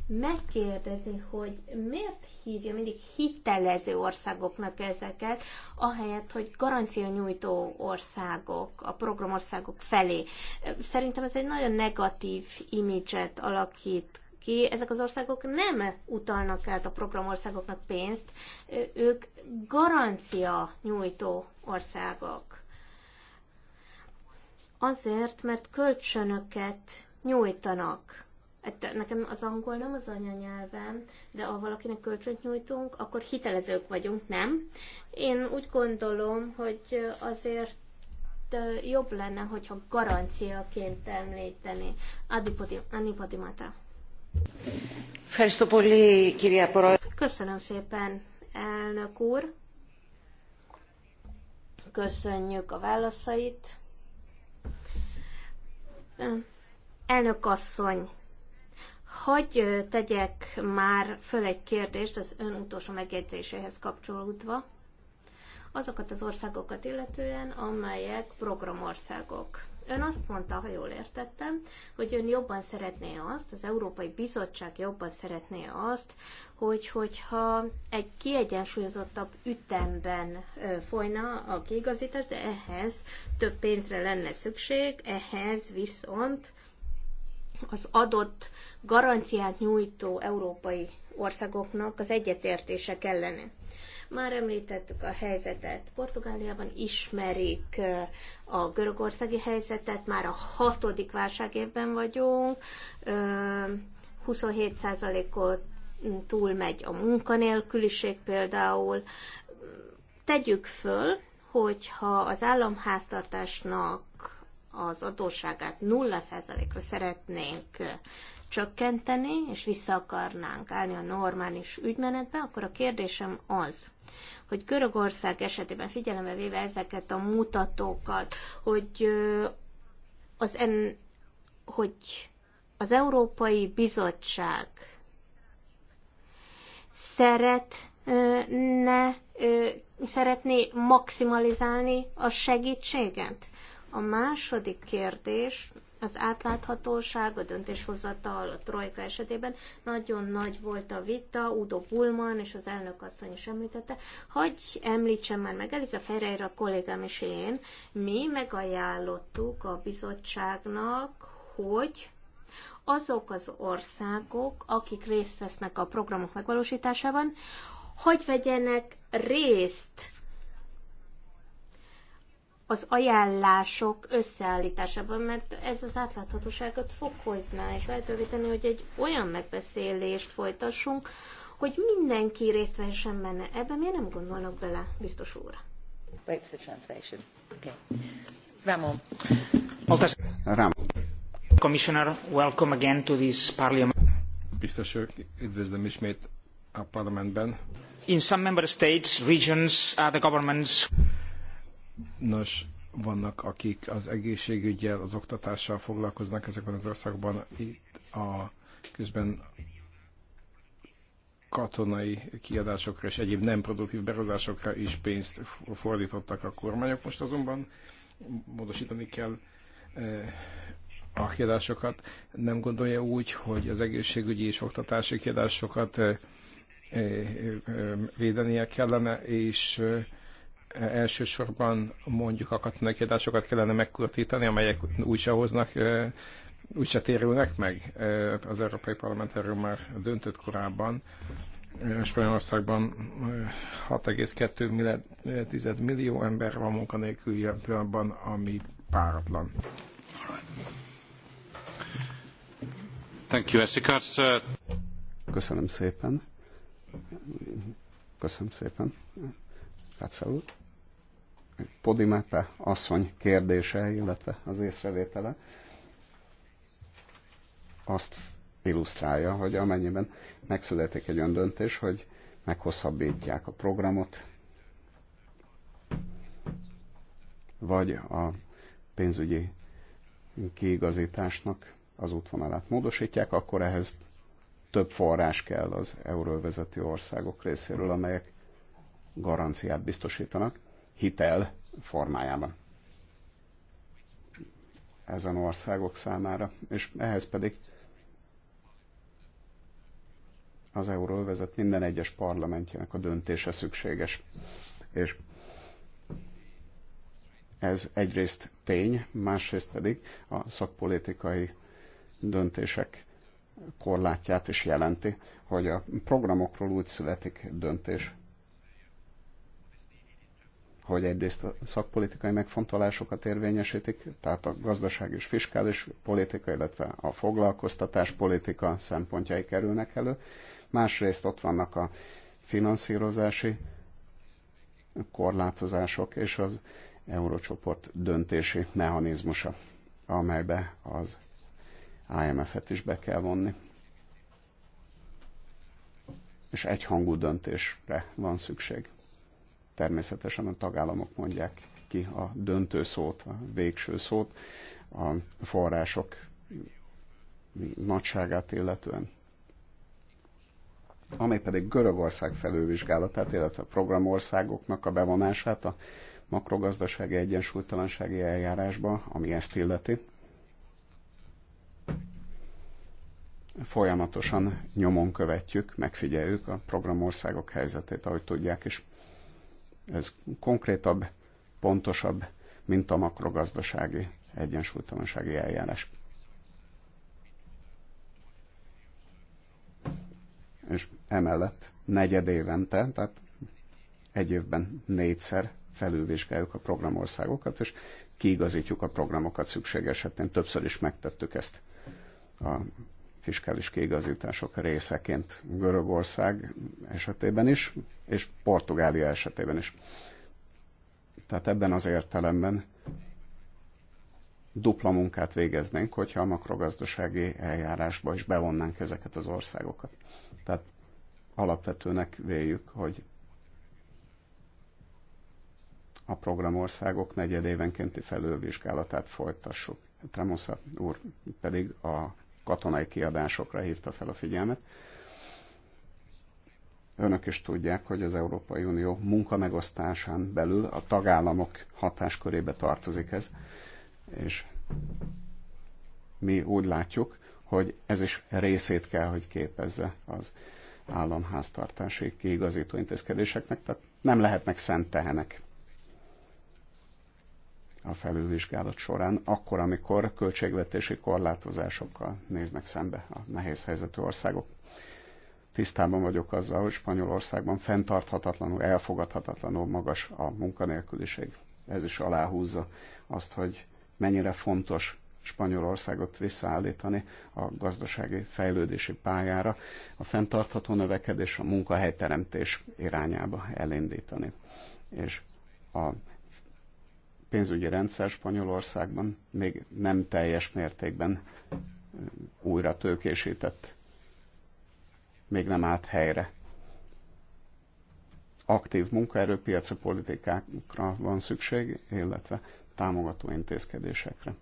megkérdezni, hogy miért hívja mindig hitelező országoknak ezeket, ahelyett, hogy garancia nyújtó országok, a programországok felé. Szerintem ez egy nagyon negatív imidzset alakít ki, ezek az országok nem utalnak át a programországoknak pénzt, ők garancia nyújtó országok. Azért, mert kölcsönöket nyújtanak. Hát nekem az angol nem az anyanyelvem, de ha valakinek kölcsönt nyújtunk, akkor hitelezők vagyunk, nem? Én úgy gondolom, hogy azért jobb lenne, hogyha garanciaként említeni Adipodimata. Köszönöm szépen, elnök úr. Köszönjük a válaszait. Elnök asszony, hagy tegyek már föl egy kérdést az ön utolsó megjegyzéséhez kapcsolódva. Azokat az országokat illetően, amelyek programországok. Ön azt mondta, ha jól értettem, hogy ön jobban szeretné azt, az Európai Bizottság jobban szeretné azt, hogy, hogyha egy kiegyensúlyozottabb ütemben folyna a kiigazítás, de ehhez több pénzre lenne szükség, ehhez viszont az adott garanciát nyújtó európai országoknak az egyetértése kellene. Már említettük a helyzetet. Portugáliában ismerik a görögországi helyzetet, már a hatodik válságében vagyunk, 27%-ot túlmegy a munkanélküliség például. Tegyük föl, hogyha az államháztartásnak az adósságát 0%-ra szeretnénk csökkenteni, és vissza akarnánk állni a normális ügymenetbe, akkor a kérdésem az, hogy Görögország esetében figyelembe véve ezeket a mutatókat, hogy az, en, hogy az Európai Bizottság szeretne, szeretné maximalizálni a segítséget? A második kérdés az átláthatóság, a döntéshozatal, a trojka esetében nagyon nagy volt a vita, Udo Bullman és az elnök asszony is említette. hogy említsem már meg, Eliza Ferreira kollégám és én, mi megajánlottuk a bizottságnak, hogy azok az országok, akik részt vesznek a programok megvalósításában, hogy vegyenek részt az ajánlások összeállításában, mert ez az átláthatóságot fokozná, és lehetővé tenni, hogy egy olyan megbeszélést folytassunk, hogy mindenki részt vehessen benne. Ebben miért nem gondolnak bele, biztos úr? Wait for translation. Okay. Ramon. Ramon. Commissioner, welcome again to this parliament. Biztos úr, üdvözlöm ismét a parlamentben. In some member states, regions, other the governments Nos, vannak, akik az egészségügyel, az oktatással foglalkoznak ezekben az országban, itt a közben katonai kiadásokra és egyéb nem produktív beruházásokra is pénzt fordítottak a kormányok. Most azonban módosítani kell eh, a kiadásokat. Nem gondolja úgy, hogy az egészségügyi és oktatási kiadásokat eh, eh, védenie kellene, és elsősorban mondjuk a katonai kiadásokat kellene megkurtítani, amelyek úgyse hoznak, úgyse térülnek meg. Az Európai Parlament erről már döntött korábban. Spanyolországban 6,2 millió ember van munkanélkül ilyen pillanatban, ami páratlan. Thank you, Eszikársz. Köszönöm szépen. Köszönöm szépen. Hát úr. Podimete asszony kérdése, illetve az észrevétele azt illusztrálja, hogy amennyiben megszületik egy olyan döntés, hogy meghosszabbítják a programot, vagy a pénzügyi kiigazításnak az útvonalát módosítják, akkor ehhez több forrás kell az euróvezető országok részéről, amelyek garanciát biztosítanak hitel formájában ezen országok számára, és ehhez pedig az euróvezet minden egyes parlamentjének a döntése szükséges. És ez egyrészt tény, másrészt pedig a szakpolitikai döntések korlátját is jelenti, hogy a programokról úgy születik döntés, hogy egyrészt a szakpolitikai megfontolásokat érvényesítik, tehát a gazdaság és fiskális politika, illetve a foglalkoztatás politika szempontjai kerülnek elő. Másrészt ott vannak a finanszírozási korlátozások és az eurócsoport döntési mechanizmusa, amelybe az IMF-et is be kell vonni. És egyhangú döntésre van szükség természetesen a tagállamok mondják ki a döntő szót, a végső szót, a források nagyságát illetően. Ami pedig Görögország felővizsgálatát, illetve a programországoknak a bevonását a makrogazdasági egyensúlytalansági eljárásba, ami ezt illeti, folyamatosan nyomon követjük, megfigyeljük a programországok helyzetét, ahogy tudják és ez konkrétabb, pontosabb, mint a makrogazdasági egyensúlytalansági eljárás. És emellett negyed évente, tehát egy évben négyszer felülvizsgáljuk a programországokat, és kiigazítjuk a programokat szükség esetén. Többször is megtettük ezt a fiskális kiigazítások részeként Görögország esetében is, és Portugália esetében is. Tehát ebben az értelemben dupla munkát végeznénk, hogyha a makrogazdasági eljárásba is bevonnánk ezeket az országokat. Tehát alapvetőnek véljük, hogy a programországok negyedévenkénti felülvizsgálatát folytassuk. Tremosza úr pedig a katonai kiadásokra hívta fel a figyelmet. Önök is tudják, hogy az Európai Unió munkamegosztásán belül a tagállamok hatáskörébe tartozik ez, és mi úgy látjuk, hogy ez is részét kell, hogy képezze az államháztartási kiigazító intézkedéseknek, tehát nem lehetnek szent tehenek a felülvizsgálat során, akkor, amikor költségvetési korlátozásokkal néznek szembe a nehéz helyzetű országok. Tisztában vagyok azzal, hogy Spanyolországban fenntarthatatlanul, elfogadhatatlanul magas a munkanélküliség. Ez is aláhúzza azt, hogy mennyire fontos Spanyolországot visszaállítani a gazdasági fejlődési pályára, a fenntartható növekedés, a munkahelyteremtés irányába elindítani. És a pénzügyi rendszer Spanyolországban még nem teljes mértékben újra tőkésített, még nem állt helyre. Aktív munkaerőpiaci politikákra van szükség, illetve támogató intézkedésekre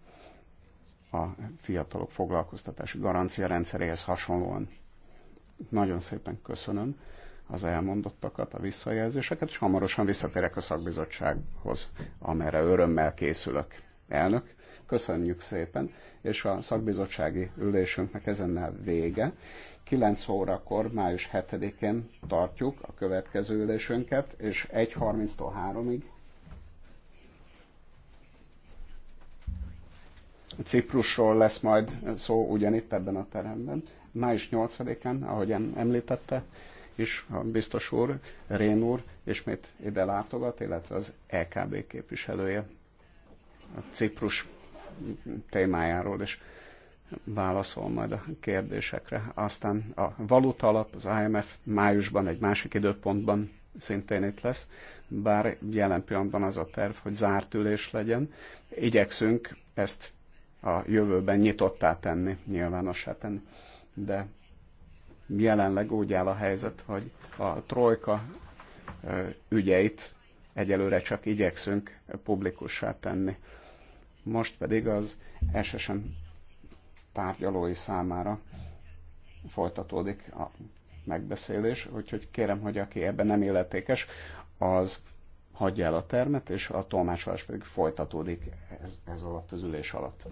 a fiatalok foglalkoztatási garancia rendszeréhez hasonlóan. Nagyon szépen köszönöm az elmondottakat, a visszajelzéseket, és hamarosan visszatérek a szakbizottsághoz, amerre örömmel készülök. Elnök, köszönjük szépen, és a szakbizottsági ülésünknek ezennel vége. 9 órakor, május 7-én tartjuk a következő ülésünket, és 1.30-tól 3-ig Ciprusról lesz majd szó ugyanitt ebben a teremben. Május 8-án, ahogy említette, is a biztos úr, Rén úr ismét ide látogat, illetve az LKB e képviselője a Ciprus témájáról is válaszol majd a kérdésekre. Aztán a valuta alap, az IMF májusban, egy másik időpontban szintén itt lesz, bár jelen pillanatban az a terv, hogy zárt ülés legyen. Igyekszünk ezt a jövőben nyitottá tenni, nyilvánossá tenni. De jelenleg úgy áll a helyzet, hogy a trojka ügyeit egyelőre csak igyekszünk publikussá tenni. Most pedig az SSM tárgyalói számára folytatódik a megbeszélés, úgyhogy kérem, hogy aki ebben nem életékes, az hagyja el a termet, és a tolmácsolás pedig folytatódik ez, ez alatt az ülés alatt.